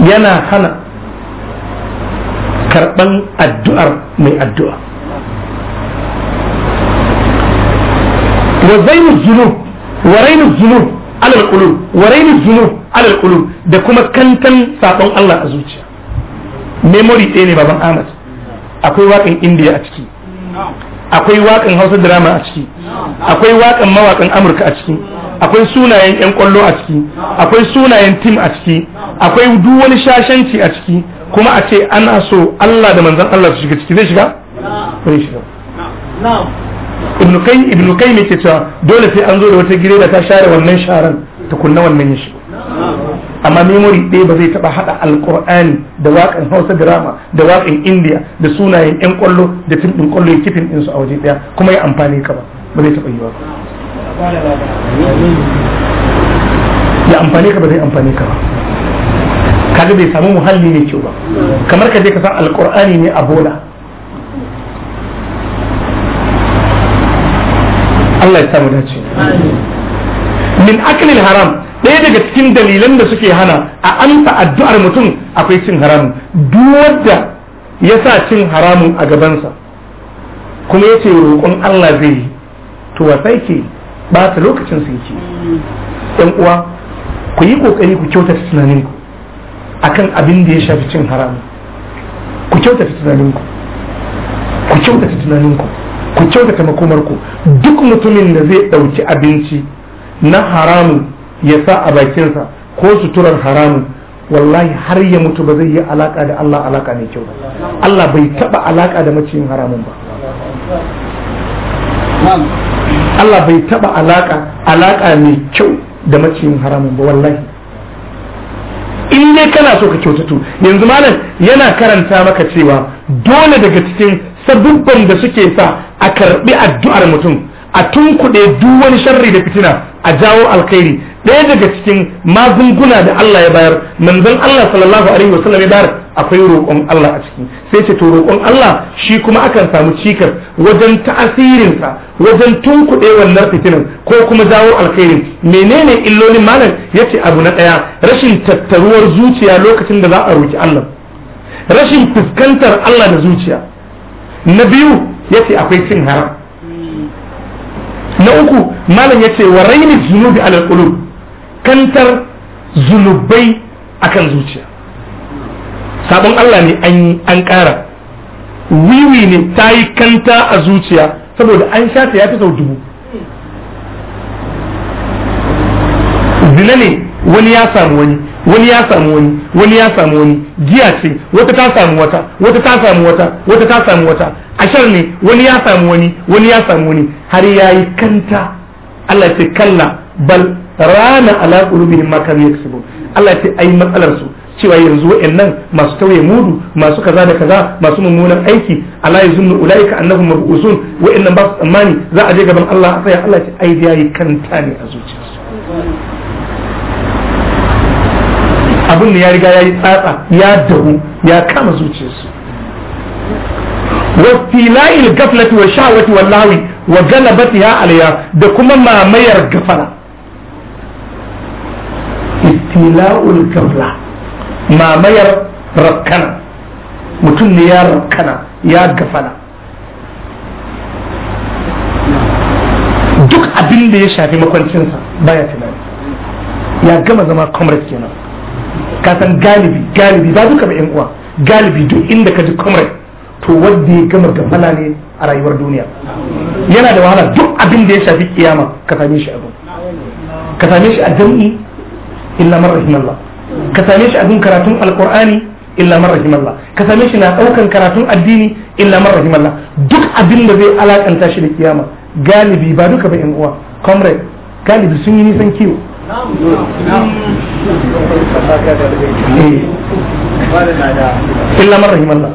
yana hana karɓan addu'ar mai addu'a wa zainu zunub wa rainu alal qulub wa rainu alal da kuma kantan sabon Allah a zuciya memory ɗaya ne baban Ahmad akwai wakan India a ciki akwai waƙan Hausa drama a ciki akwai waƙan mawaƙan Amurka a ciki akwai sunayen 'yan kwallo a ciki akwai sunayen tim a ciki akwai duk wani shashanci a ciki kuma a ce ana so Allah da manzan Allah su shiga ciki zai shiga Na. Na. ibn kai ibn kai ne ke cewa dole sai an zo da wata gire da ta share wannan sharan ta kunna wannan ya shiga amma memory ɗaya ba zai taɓa haɗa alƙur'ani da waƙan hausa drama da waƙan indiya da sunayen yan ƙwallo da fim ɗin ƙwallo ya kifin ɗinsu a waje ɗaya kuma ya amfani ka ba ba zai taɓa yi ba ya amfani ka ba zai amfani ka ba kaga bai samu muhalli mai kyau ba kamar ka je ka san alkur'ani ne a bola Allah ya samu dace min aklil haram ɗaya daga cikin dalilan da suke hana a amsa addu'ar mutum akwai cin haram duk wanda ya sa cin haramun a gabansa kuma yace ce roƙon Allah zai yi to wa yake ba ta lokacin sai ke ɗan uwa ku yi ƙoƙari ku kyautata tunaninku akan abin da ya shafi cin haram ku kyautata tunanin ku kyautata tunanin ku kyautata ku duk mutumin da zai ɗauki abinci na haramu ya sa a bakinsa ko suturar haramu wallahi har ya mutu ba zai yi alaka da Allah alaka mai kyau Allah bai taba alaka da maciyin haramun ba Allah bai taba alaka alaka mai kyau da maciyin haramun ba wallahi in dai kana so ka kyautatu yanzu malam yana karanta maka cewa dole daga cikin sabubban da suke sa a karbi addu'ar mutum a tunkuɗe duk wani sharri da fitina a jawo alkhairi ɗaya daga cikin magunguna da Allah ya bayar manzon Allah sallallahu alaihi wasallam ya bayar akwai roƙon Allah a ciki sai ce to roƙon Allah shi kuma akan samu cikar wajen ta'asirinsa wajen tunkuɗe wannan fitinan ko kuma jawo alkhairi menene illolin malam yace abu na ɗaya rashin tattaruwar zuciya lokacin da za a roki Allah rashin fuskantar Allah da zuciya na biyu yace akwai cin haram na uku malam yace wa raini zunubi alal qulub kantar zunubai akan zuciya sabon Allah ne an ƙara wiwi ne ta yi kanta a zuciya saboda an shafe ya fi sau dubu zina ne wani ya samu wani wani ya samu wani wani ya samu wani giya ce wata ta samu wata wata ta samu wata wata ta samu wata ashar ne wani ya samu wani wani ya samu wani har ya yi kanta Allah ce kalla bal rana ala qulubihim ma kanu yaksubun Allah ya ce ai matsalar su cewa yanzu wa'annan masu tauye mudu masu kaza da kaza masu mummunan aiki ala yazunnu ulaika annahum mabusun wa'annan ba su tsammani za a je gaban Allah a tsaya Allah ya ce ai yayi kanta ne a zuciyarsu abin da ya riga ya yi tsatsa ya dahu ya kama zuciyarsu Wa wastila'il gaflati wa sha'wati wallahi wa galabatiha alayya da kuma mamayar gafara istila'ul kafla mamayar rakkana mutum ne ya rakkana ya gafala duk abin da ya shafi makwancinsa baya tunani ya gama zama comrade kenan ka san galibi galibi ba duka ba yan uwa galibi duk inda ka ji comrade to wanda ya gama gafala ne a rayuwar duniya yana da wahala duk abin da ya shafi kiyama ka same shi abu ka same shi a jam'i illa man rahimallah ka same shi abin karatun alqur'ani illa man rahimallah ka same shi na daukan karatun addini illa man rahimallah duk abin da zai alakanta shi da kiyama galibi ba duka ba yan uwa comrade galibi sun yi nisan kiwo eh. illa man rahimallah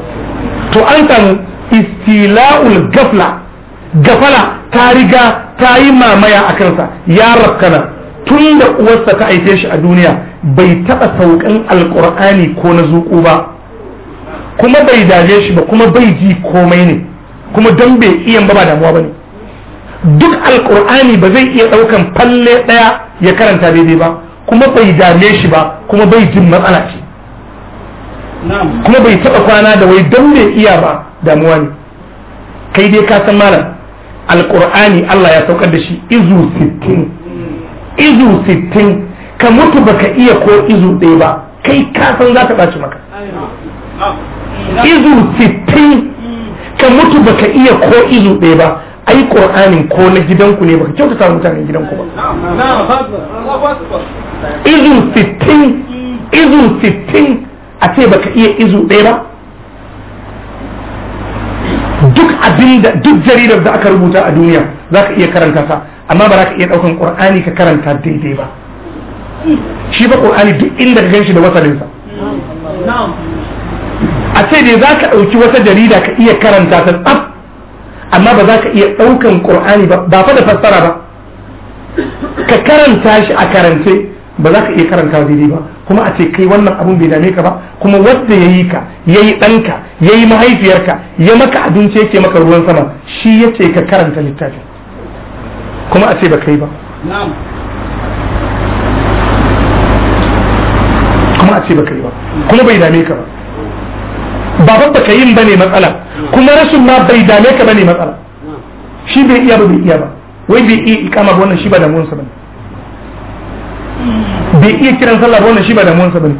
to an samu istila'ul gafla gafala ta riga ta yi mamaya a kansa ya rafkana tun da uwarsa ta haife shi a duniya bai taɓa saukan alƙur'ani ko na zuƙu ba kuma bai daje shi ba kuma bai ji komai ne kuma don bai iya ba damuwa ba ne duk alƙur'ani ba zai iya ɗaukan falle ɗaya ya karanta daidai ba kuma bai dame shi ba kuma bai jin matsala ce kuma bai taɓa kwana da wai don bai iya ba damuwa ne kai dai ka san malam alƙur'ani Allah ya saukar da shi izu sittin izu sittin ka mutu baka iya ko izu ɗaya ba kai kasan za ta ɓaci maka izu sittin ka mutu baka iya ko izu ɗaya ba ai ƙoranin ko na gidanku ne baka kyautata mutanen gidanku ba izu sittin izu sittin a ce baka iya izu ɗaya ba duk abin da duk jaridar da aka rubuta a duniya za ka iya karanta sa amma ba za ka iya ɗaukan ƙur'ani ka karanta daidai ba shi ba ƙur'ani duk inda ka ganshi da wasalinsa a ce dai za ka ɗauki wata jarida ka iya karanta ta tsaf amma ba za ka iya ɗaukan ƙur'ani ba ba fa da fassara ba ka karanta shi a karance ba za ka iya karanta daidai ba kuma a ce kai wannan abun bai dame ka ba kuma wanda ya yi ka ya yi ɗanka ya yi mahaifiyarka ya maka abinci yake maka ruwan sama shi ya ce ka karanta littafin kuma a ce ba kai ba kuma a ce ba kai ba kuma bai dame ka ba ba ba ka yin ba ne matsala kuma rashin ma bai dame ka ba ne matsala shi bai iya ba bai iya ba wai bai iya ikama ba wannan shi ba damuwarsa ba ne bai iya kiran sallah ba wannan shi ba damuwarsa ba ne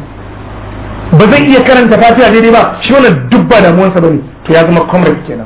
ba zai iya karanta fatiha daidai ba shi wannan duk ba damuwarsa ba ne to ya zama comrade kenan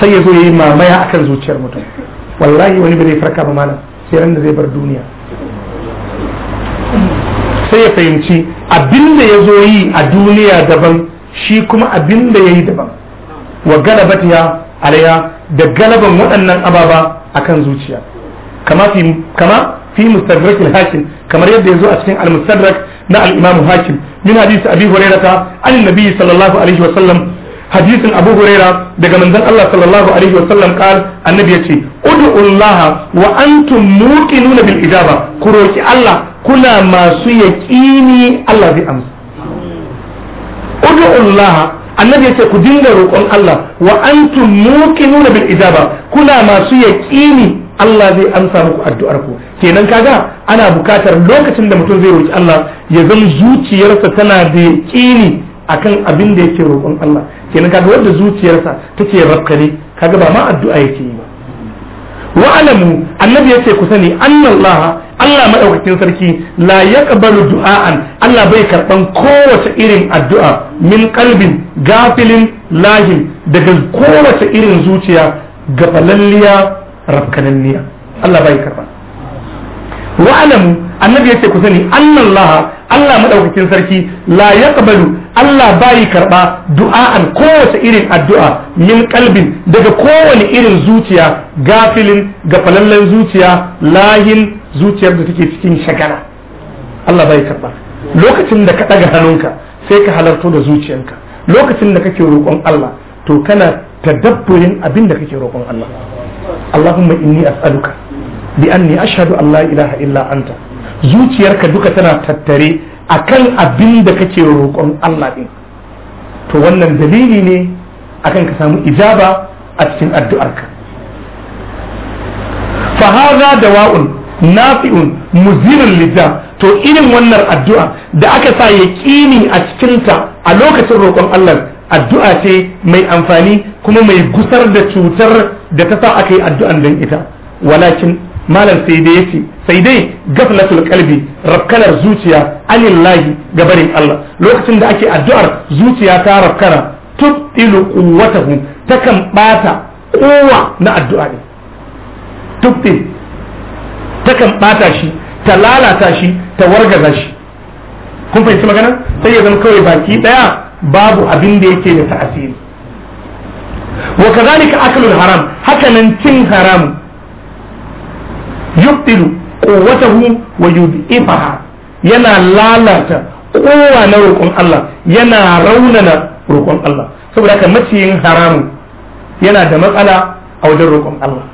sai ya zo ya yi mamaya akan zuciyar mutum wallahi wani ba zai farka ba mana, sai ran da zai bar duniya sai ya fahimci abin da ya zo yi a duniya daban shi kuma abin da ya yi daban wa galabatiya alaiya da galaban waɗannan ababa akan zuciya kama fi kama mustadrak hakim kamar yadda ya zo a cikin al-mustadrak na al-imam hakim min hadisi abi hurairah an nabi sallallahu alaihi wa sallam hadisin Abu Huraira daga manzon Allah sallallahu alaihi wasallam qal annabi yace ud'u Allah wa antum muqinuna bil ijaba ku roki Allah kuna masu yaqini Allah zai amsa ud'u Allah annabi yace ku dinga roƙon Allah wa antum muqinuna bil ijaba kuna masu yaqini Allah zai amsa muku addu'ar ku kenan kaga ana bukatar lokacin da mutum zai roki Allah ya zama zuciyarsa tana da yaqini akan abin da yake roƙon Allah kenan kaga wanda zuciyarsa take rakkare kaga ba ma addu'a yake yi ba wa alamu annabi yace ku sani annallaha Allah madaukakin sarki la yaqbalu du'aan Allah bai karban kowace irin addu'a min qalbin gafilin lahin daga kowace irin zuciya gafalalliya rakkananniya Allah bai karba wa alamu annabi yace ku sani annallaha Allah madaukakin sarki la yaqbalu Allah bayi karba du'a'an kowace irin addu'a min kalbin daga kowane irin zuciya gafilin ga falallen zuciya lahin zuciyar da take cikin shagara Allah bai karba lokacin da ka daga hannunka sai ka halarto da zuciyarka lokacin da kake roƙon Allah to kana tadabburin abin da kake roƙon Allah Allahumma inni as'aluka bi anni ashhadu an la ilaha illa anta zuciyarka duka tana tattare akan abin da kake roƙon Allah din to wannan dalili ne akan ka samu ijaba a cikin addu'arka fa hadha dawa'un nafi'un muzilun lidda to irin wannan addu'a da aka sa ya kini a cikinta a lokacin roƙon Allah addu'a ce mai amfani kuma mai gusar da cutar da ta sa aka yi addu'an don ita walakin malam sai dai yace sai dai gaflatul qalbi rafkanar zuciya anillahi gabarin Allah lokacin da ake addu'ar zuciya ta rafkana tubtilu quwwatahu takan bata kowa na addu'a ne tubtil takan bata shi ta lalata shi ta wargaza shi kun fahimci magana sai ya zama kawai baki daya babu abin da yake da ta'asiri wa kazalika aklul haram hakanan cin haramu yubtilu quwwatahu wa yud'ifaha yana lalata kowa na roƙon Allah yana raunana roƙon Allah saboda haka maciyin haramu yana da matsala a wajen roƙon Allah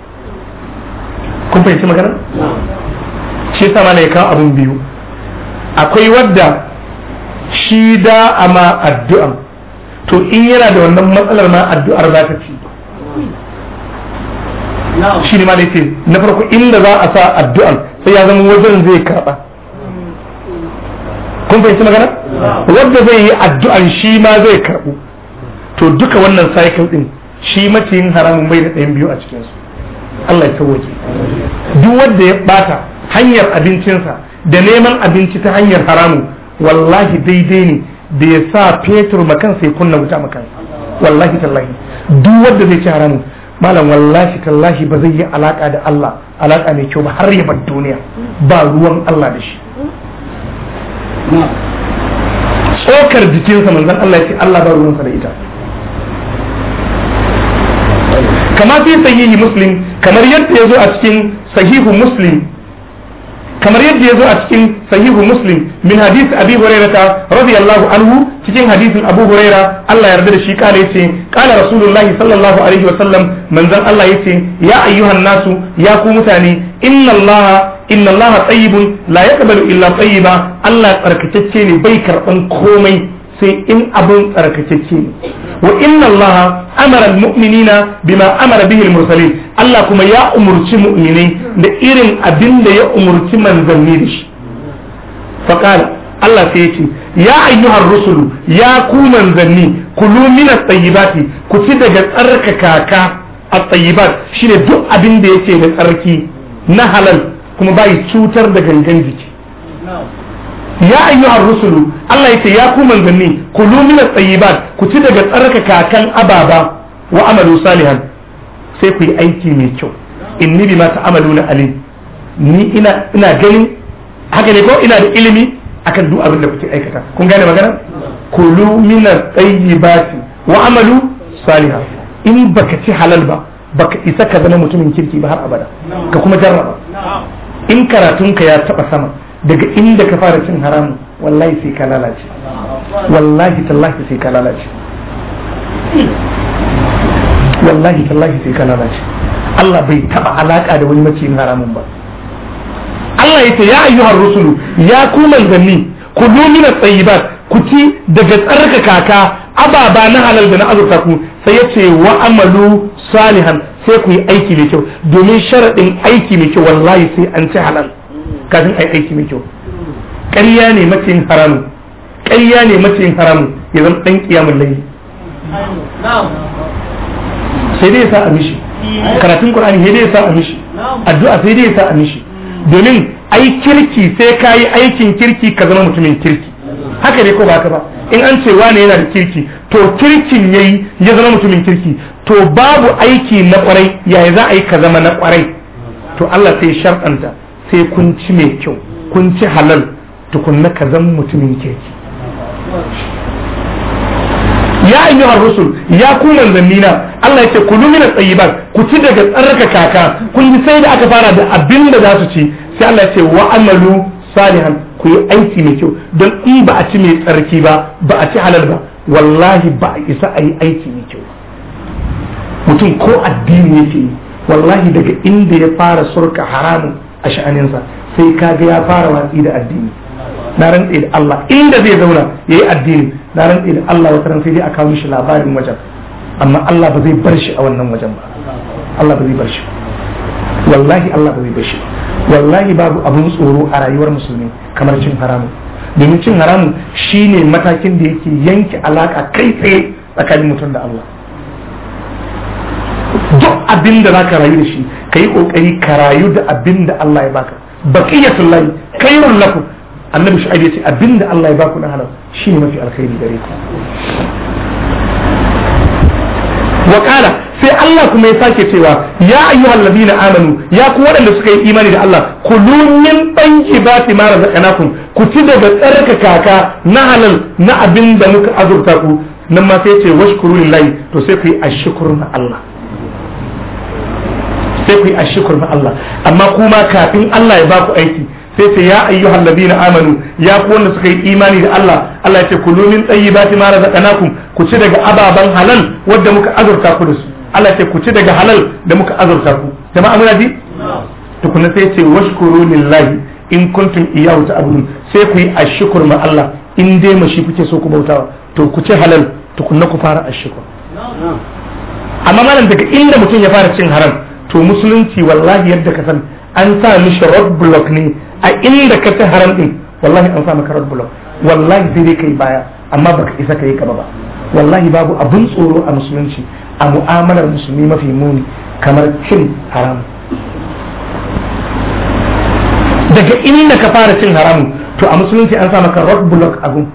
kun fahimci magana shi yasa ma ya kawo abun biyu akwai wadda shi da ama addu'a to in yana da wannan matsalar ma addu'ar za ta ci shi ne ma da na farko inda za a sa addu'an sai ya zama wajen zai karba kun fahimci magana wanda zai yi addu'an shi ma zai karbu to duka wannan cycle din shi maciyin haramun bai da ɗayan biyu a cikinsu Allah ya sauwake duk wanda ya bata hanyar abincinsa da neman abinci ta hanyar haramu wallahi daidai ne da ya sa fetur makansa ya kunna wuta makansa wallahi tallahi duk wanda zai ci haramu malam wallahi tallahi ba zai yi alaka da Allah alaka mai kyau ba har ya bar duniya ba ruwan Allah da shi tsokar jikinsa manzon Allah ya ce Allah ba ruwansa da ita kama sai sahihi muslim kamar yadda ya zo a cikin sahihu muslim kamar yadda ya zo a cikin sahihu muslim min hadisi abi hurairata radiyallahu anhu cikin hadisin abu huraira Allah yarda da shi kala yace kala rasulullahi sallallahu alaihi wa sallam manzon Allah yace ya ayyuhan nasu ya ku mutane inna Allah inna Allah tayyibun la yaqbalu illa tayyiba Allah tsarkakecce ne bai karban komai sai in abin tsarkakecce ne wa inna Allah amara al-mu'minina bima amara bihi al Allah kuma ya umurci mu'minai da irin abin da ya umurci manzanni da shi faqala Allah sai ya ce ya ayyuhar rusulu ya ku manzanni kulu min at ku ci daga a at shi shine duk abin da yake da tsarki na halal kuma bai cutar da gangan jiki ya ayyuhar rusulu Allah yace ya ku manzanni kulu min at-tayyibat ku ci daga tsarkakakan ababa wa amalu salihan sai ku yi aiki mai kyau inni bima ta'amaluna ali ni ina ina ganin haka ne ko ina da ilimi akan duk abin da kuke aikata kun gane magana kulu min at wa amalu saliha in baka ci halal ba baka isa ka zama mutumin kirki ba har abada ka kuma jarraba in karatun ka ya taba sama daga inda ka fara cin haramu wallahi sai ka lalace wallahi tallahi sai ka lalace wallahi tallahi sai ka lalace Allah bai taba alaka da wani maciyin haramun ba Allah ya ce ya ayyuhar rusulu ya ku manzanni ku domina tsayibar ku ci daga tsarka kaka ababa na halal da na azurta ku sai ya ce wa amalu salihan sai ku yi aiki mai kyau domin sharaɗin aiki mai kyau wallahi sai an ci halal kafin a yi aiki mai kyau ƙarya ne maciyin haramu ƙarya ne maciyin haramu ya zama ɗan ƙiyamun layi sai dai sa a mishi karatun qur'ani sai dai sa a mishi addu'a sai dai sa a mishi domin ai kirki sai kayi aikin kirki ka zama mutumin kirki haka ne ko ba haka ba in an ce wane yana da kirki to kirkin yayi ya zama mutumin kirki to babu aiki na kwarai yaya za a yi ka zama na kwarai to Allah sai sharɗanta sai kun ci mai kyau kun ci halal tukunna ka zama mutumin kirki ya ayyuha rusul ya ku na Allah ce ku lumina tsayiban ku ci daga tsarka kaka kun ji sai da aka fara da abin da za su ci sai Allah ce wa amalu salihan ku yi aiki mai kyau don in ba a ci mai tsarki ba ba a ci halal ba wallahi ba a isa a yi aiki mai kyau mutum ko addini yake yi wallahi daga inda ya fara surka haramun a sha'aninsa sai kaga ya fara watsi da addini na rantse da Allah inda zai zauna ya yi addini na rantsi da Allah wata ran sai dai a kawo mishi labarin wajen amma Allah ba zai bar shi a wannan wajen ba Allah ba zai bar shi wallahi Allah ba zai bar shi wallahi babu abun tsoro a rayuwar musulmi kamar cin haramu. domin cin haramu shine matakin da yake yanke alaka kai tsaye tsakanin mutum da Allah duk abin da zaka rayu da shi ka yi kokari ka rayu da abin da Allah ya baka baqiyatul lahi khairul lakum annabi shu'aib ya ce abin da Allah ya baku na halal shi ne mafi alkhairi gare ku wakala sai Allah kuma ya sake cewa ya ayyuhal ladina amanu ya ku waɗanda suka yi imani da Allah kulu min tayyibati ma razaqnakum ku ci daga tsarka kaka na halal na abin da muka azurta ku nan ma sai ce washkuru lillahi to sai ku yi ashkuru na Allah sai ku yi ashkuru na Allah amma kuma kafin Allah ya ba ku aiki sai ce ya ayyuhal ladina amanu ya ku wanda suka yi imani da Allah Allah ya ce kulu min tayyibati ma razaqnakum ku ci daga ababan halal wanda muka azurta ku da su Allah ya ce ku ci daga halal da muka azurta ku jama'a muna ji tukuna sai ce washkuru lillahi in kuntum iyyahu ta'budun sai ku yi ashkur ma Allah in dai mashi kuke so ku bautawa to ku ci halal tukunna ku fara ashkur amma malam daga inda mutum ya fara cin haram to musulunci wallahi yadda ka san an sa mishi roadblock ne a inda ka ta haram din wallahi an samu karar bulon wallahi sai dai kai baya amma baka isa ka yi gaba ba wallahi babu abun tsoro a musulunci a mu'amalar musulmi mafi muni kamar cin haram daga inda ka fara cin haram to a musulunci an samu karar rock block abun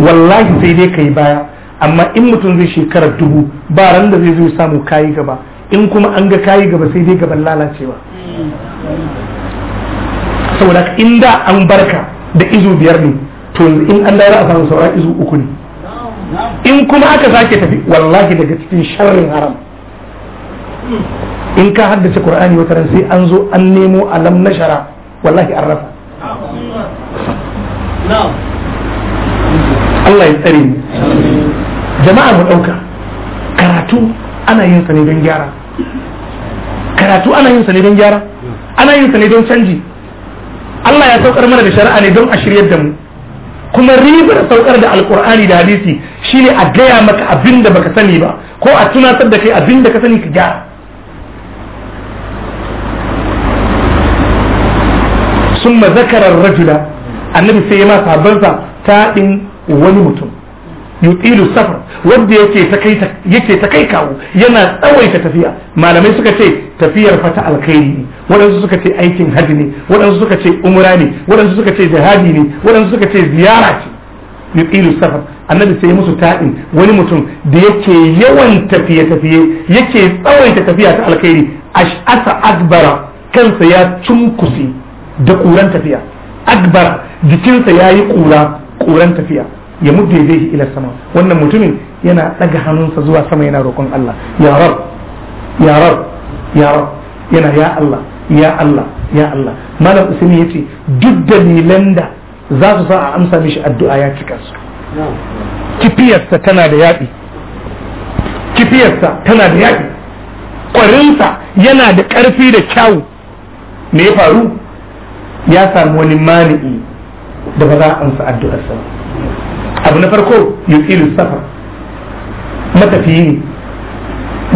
wallahi sai dai kai baya amma in mutum zai shekarar dubu ba ran da zai zo samu kayi gaba in kuma an ga kayi gaba sai dai gaban lalacewa saboda inda an barka da izu biyar ne to in an dawo a samu sauran izu uku ne in kuma aka sake tafi wallahi daga cikin sharrin haram in ka haddace qur'ani wata ran sai an zo an nemo alam nashara wallahi an rafa Allah ya tsare ni jama'a mu dauka karatu ana yin sa ne don gyara karatu ana yin sa ne don gyara ana yin sa ne don canji Allah ya saukar mana da shari'a ne don a shiryar da mu kuma ribar saukar da alkur'ani da hadisi shine a gaya maka abin da baka sani ba ko a tunatar da kai abin da ka sani ka gyara sun zakarar rajula annabi sai ya masa banza ta taɗin wani mutum yutilu safar wanda yake ta kai kawo yana tsawaita tafiya malamai suka ce tafiyar fata alkhairi waɗansu suka ce aikin hajji ne waɗansu suka ce umra ne waɗansu suka ce jihadi ne waɗansu suka ce ziyara ce yuqilu safar annabi sai musu ta'in wani mutum da yake yawan tafiye tafiye yake tsawaita tafiya ta alkhairi ash'asa akbara kansa ya cunkusi da kuran tafiya akbara jikinsa ya yi kura kuran tafiya ya mudde zai ila sama wannan mutumin yana ɗaga hannunsa zuwa sama yana roƙon Allah ya rab ya rab ya rab yana ya Allah ya Allah ya Allah malam usaini ya ce duk dalilan da za su sa a amsa mishi addu'a ya cika su kifiyarsa tana da yaƙi kifiyarsa tana da yaƙi ƙwarinsa yana da ƙarfi da kyau me ya faru ya samu wani mani'i da ba za a amsa addu'arsa abu na farko yuqilu safar matafiyi ne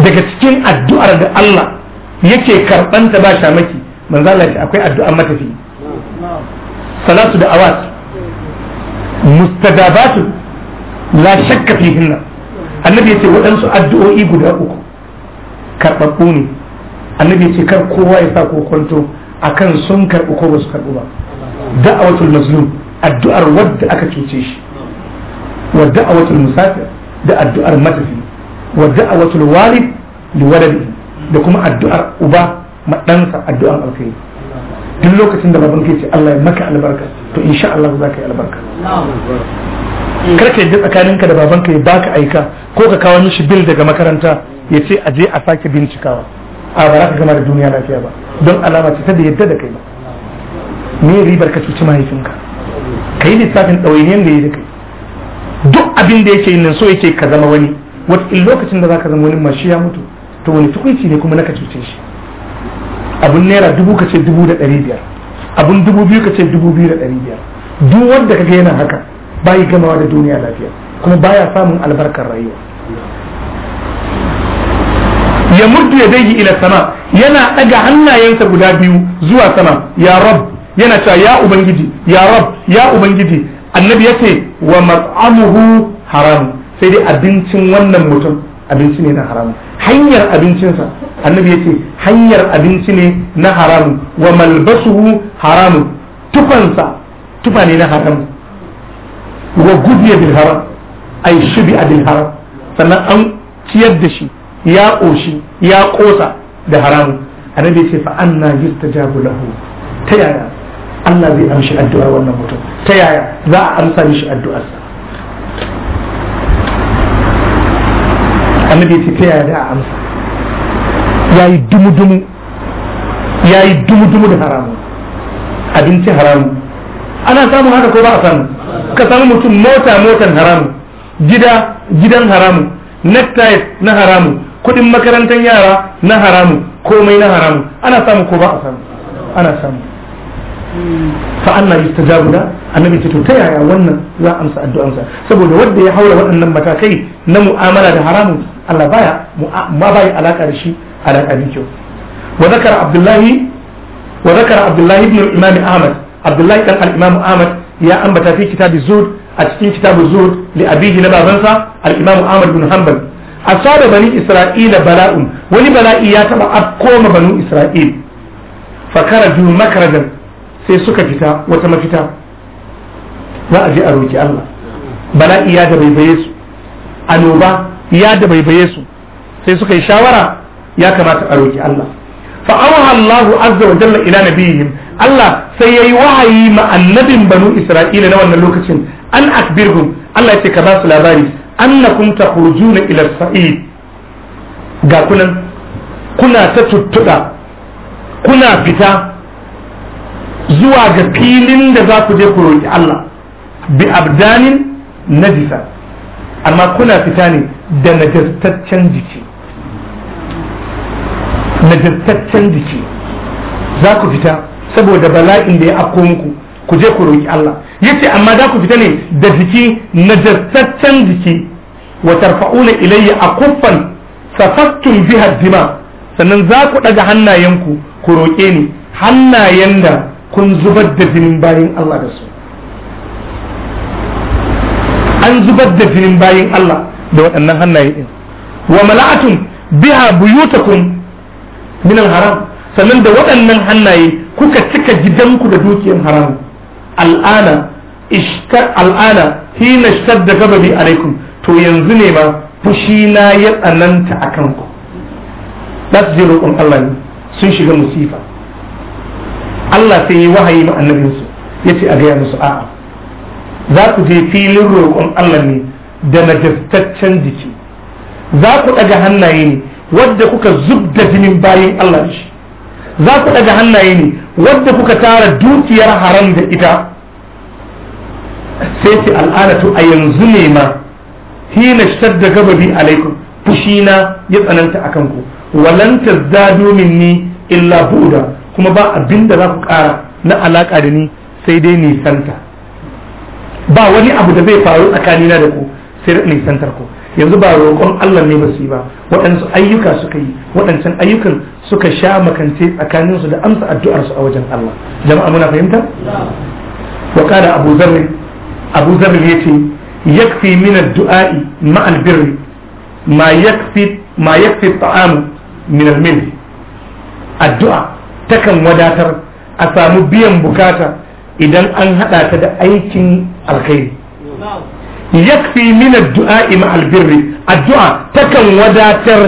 daga cikin addu'ar da Allah yake karban ta ba shamaki manzo Allah ya akwai addu'a matafi salatu da awat mustadabatu la shakka fihinna annabi yace waɗansu addu'o'i guda uku karɓaɓɓu ne annabi yace kar kowa ya sa kokonto akan sun karɓi ko ba su karɓi ba da'awatul mazlum addu'ar wadda aka cuce shi wa da'awatul musafir da addu'ar matafi wa da'awatul walid li waladihi da kuma addu'ar uba ma ɗansa addu'an alkhairi duk lokacin da babanka ce Allah ya maka albarka to insha Allah za ka yi albarka karka yadda tsakaninka da babanka ya baka aika ko ka kawo mishi bil daga makaranta ya ce je a sake bincikawa a ba za ka gama da duniya lafiya ba don alama ce ta da yadda da kai ba me ribar ka cuci mahaifinka ka yi lissafin ɗawainiyar da ya da kai duk abin da yake yin nan so yake ka zama wani wata lokacin da za ka zama wani mashi ya mutu to wani tukunci ne kuma naka cuce shi abun naira dubu ka ce dubu da ɗari biyar abun dubu biyu ka ce dubu biyu da ɗari biyar duk wanda ka yana haka bayi gamawa da duniya lafiya kuma baya samun albarkar rayuwa ya murdu ya daigi ila sama yana ɗaga hannayensa guda biyu zuwa sama ya rab yana cewa ya ubangiji ya rab ya ubangiji annabi ya ce wa mat'amuhu haram sai dai abincin wannan mutum abinci ne na haramu hanyar abincinsa annabi ya ce hanyar abinci ne na haramu wa malbasuhu haramu tufansa tufa ne na haramu wa gudiya bil haram ay shubi bil haram sannan an ciyar da shi ya koshi ya kosa da haramu annabi ya ce fa anna yustajabu lahu ta yaya Allah zai amshi addu'a wannan mutum ta yaya za a amsa mishi addu'arsa annabi ya ce ta yaya za a amsa ya yi dumu-dumu ya yi dumu-dumu da haramu abinci haramu ana samun haka ko ba a samu ka samu mutum mota motan haramu gida gidan haramu necktie na haramu kudin makarantar yara na haramu komai na haramu ana samu ko ba a samu ana samu fa anna yustajabu da annabi ce to ta yaya wannan za amsa addu'ansa saboda wanda ya haura waɗannan matakai na mu'amala da haramun Allah baya ma baya alaka da shi alaka mai kyau wa zakara abdullahi wa zakara abdullahi ibn imam ahmad abdullahi dan al-imam ahmad ya ambata fi kitabi zuhd a cikin kitab zuhd li abihi na babansa al-imam ahmad bin hanbal asaba bani isra'ila bala'un wani bala'i ya taba afkoma banu isra'il fa karaju makarajan sai suka fita wata mafita za a je a roki Allah bala'i ya da baibaye su annoba ya da baibaye su sai suka yi shawara ya kamata a roki Allah fa awha Allah azza wa jalla ila nabiyihim Allah sai yayi wahayi ma annabin banu Isra'ila na wannan lokacin an akbirhum Allah ya ce ka ba su labari annakum takhrujuna ila sa'id ga kunan kuna ta tuttuɗa kuna fita zuwa ga filin da za ku je ku roƙi Allah bi abdanin najisa amma kuna fita ne da najastaccen jiki najastaccen jiki za ku fita saboda bala'in da ya afko muku ku je ku roƙi Allah yace amma za ku fita ne da jiki najastaccen jiki wa tarfa'una ilayya kuffan safattum biha jima sannan za ku daga hannayenku ku roƙe ni hannayen da kun zubar da jinin bayin Allah da su an zubar da jinin bayin Allah da waɗannan hannaye ɗin. wa mala'atun biha buyutakum min haram sannan da waɗannan hannaye kuka cika gidanku da dukiyar haram al'ana ishtar al'ana hina da gababi alaikum to yanzu ne ma fushi na ya tsananta a kanku that's zero roƙon Allah ne sun shiga musifa Allah sai ya wahayi ma annabinsu ya ce a gaya musu a'a za ku je filin roƙon Allah ne da najastaccen jiki za ku ɗaga hannaye ne wadda kuka zub da jinin bayan Allah shi za ku ɗaga hannaye ne wadda kuka tara dukiyar haram da ita sai ce al'adatu a yanzu ne ma hina shadda gababi alaikum fushina ya tsananta akan ku walan tazdadu minni illa buda kuma ba abin da za ku ƙara na alaƙa da ni sai dai nisanta ba wani abu da zai faru tsakanina da ku sai nisantar ku yanzu ba roƙon Allah ne ba su yi ba waɗansu ayyuka suka yi waɗancan ayyukan suka sha makance tsakaninsu da amsa addu'arsu a wajen Allah jama'a muna fahimta wa kada abu zarri abu zarri ya ce yakfi min addu'a'i ma albirri ma yakfi ma yakfi ta'am min addu'a takan wadatar a samu biyan bukata idan an haɗa ta da aikin alkhairi yakfi min addu'a ma albirri addu'a takan wadatar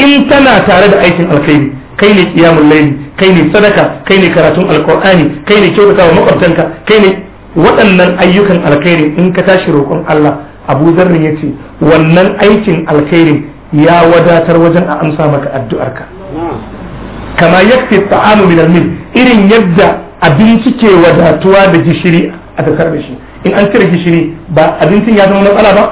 in tana tare da aikin alkhairi kai ne kiyamul layl kai ne sadaka kai ne karatun alqur'ani kai ne kyautata wa makwabtanka kai ne waɗannan ayyukan alkhairi in ka tashi roƙon Allah Abu Dharr yace wannan aikin alkhairi ya wadatar wajen a amsa maka addu'arka kama yakfi ta'amu min al-min irin yadda abinci ke wadatuwa da gishiri a tasar da shi in an cire gishiri ba abincin ya zama matsala ba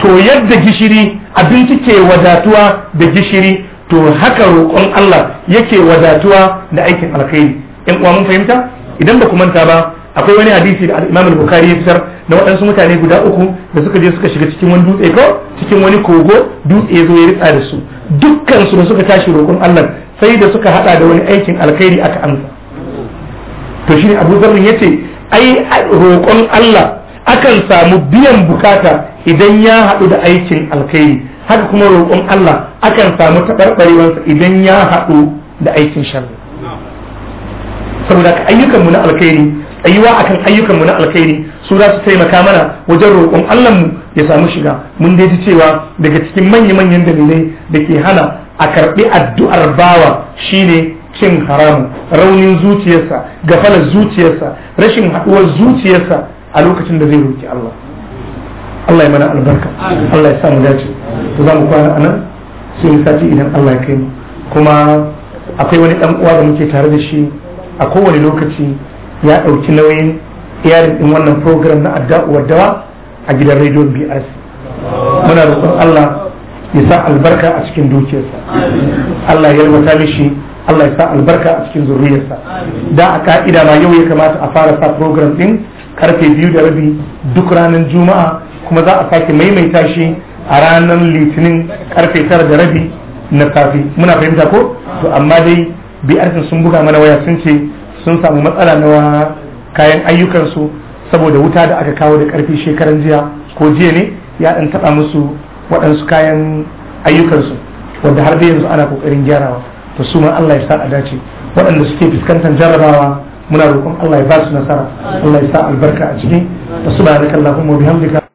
to yadda gishiri abinci ke wadatuwa da gishiri to haka roƙon Allah yake wadatuwa da aikin alkhairi in uwa mun fahimta idan ba ku manta ba akwai wani hadisi da al-Imam al-Bukhari ya fitar na waɗansu mutane guda uku da suka je suka shiga cikin wani dutse ko cikin wani kogo dutse ya zo ya ritsa da su dukkan su da suka tashi roƙon Allah sai da suka hada da wani aikin alkhairi aka amsa to shine Abu Dharr yace ai roƙon Allah akan samu biyan bukata idan ya haɗu da aikin alkhairi haka kuma roƙon Allah akan samu taɓarɓarewarsa idan ya haɗu da aikin sharri saboda ayyukanmu na alkhairi tsayuwa akan ayyukanmu na alkhairi su za su taimaka mana wajen roƙon Allahnmu ya samu shiga mun dai ji cewa daga cikin manya-manyan dalilai da ke hana a karɓi addu'ar bawa shine cin haramu raunin zuciyarsa gafalar zuciyarsa rashin haɗuwar zuciyarsa a lokacin da zai roƙi Allah Allah ya mana albarka Allah ya samu dace to za mu kwana anan sai mu sati idan Allah ya kai mu kuma akwai wani ɗan uwa da muke tare da shi a kowane lokaci ya ɗauki nauyin yarin din wannan program na addu'a dawa a gidan rediyon BRC muna roƙon Allah ya sa albarka a cikin dukiyarsa Allah ya rubuta mishi Allah ya sa albarka a cikin zuriyarsa da a ka'ida ma yau ya kamata a fara sa program din karfe biyu da rabi duk ranar juma'a kuma za a sake maimaita shi a ranar litinin karfe tara da rabi na safe muna fahimta ko to amma dai biyar sun buga mana waya sun ce sun samu matsala na kayan ayyukansu saboda wuta da aka kawo da karfi shekaran jiya ko jiya ne ya dan taba musu waɗansu kayan ayyukansu wanda har da yanzu ana kokarin gyarawa to su ma Allah ya sa a dace waɗanda suke fuskantar jarrabawa muna roƙon Allah ya ba su nasara Allah ya sa albarka a ciki wa subhanakallahumma wa bihamdika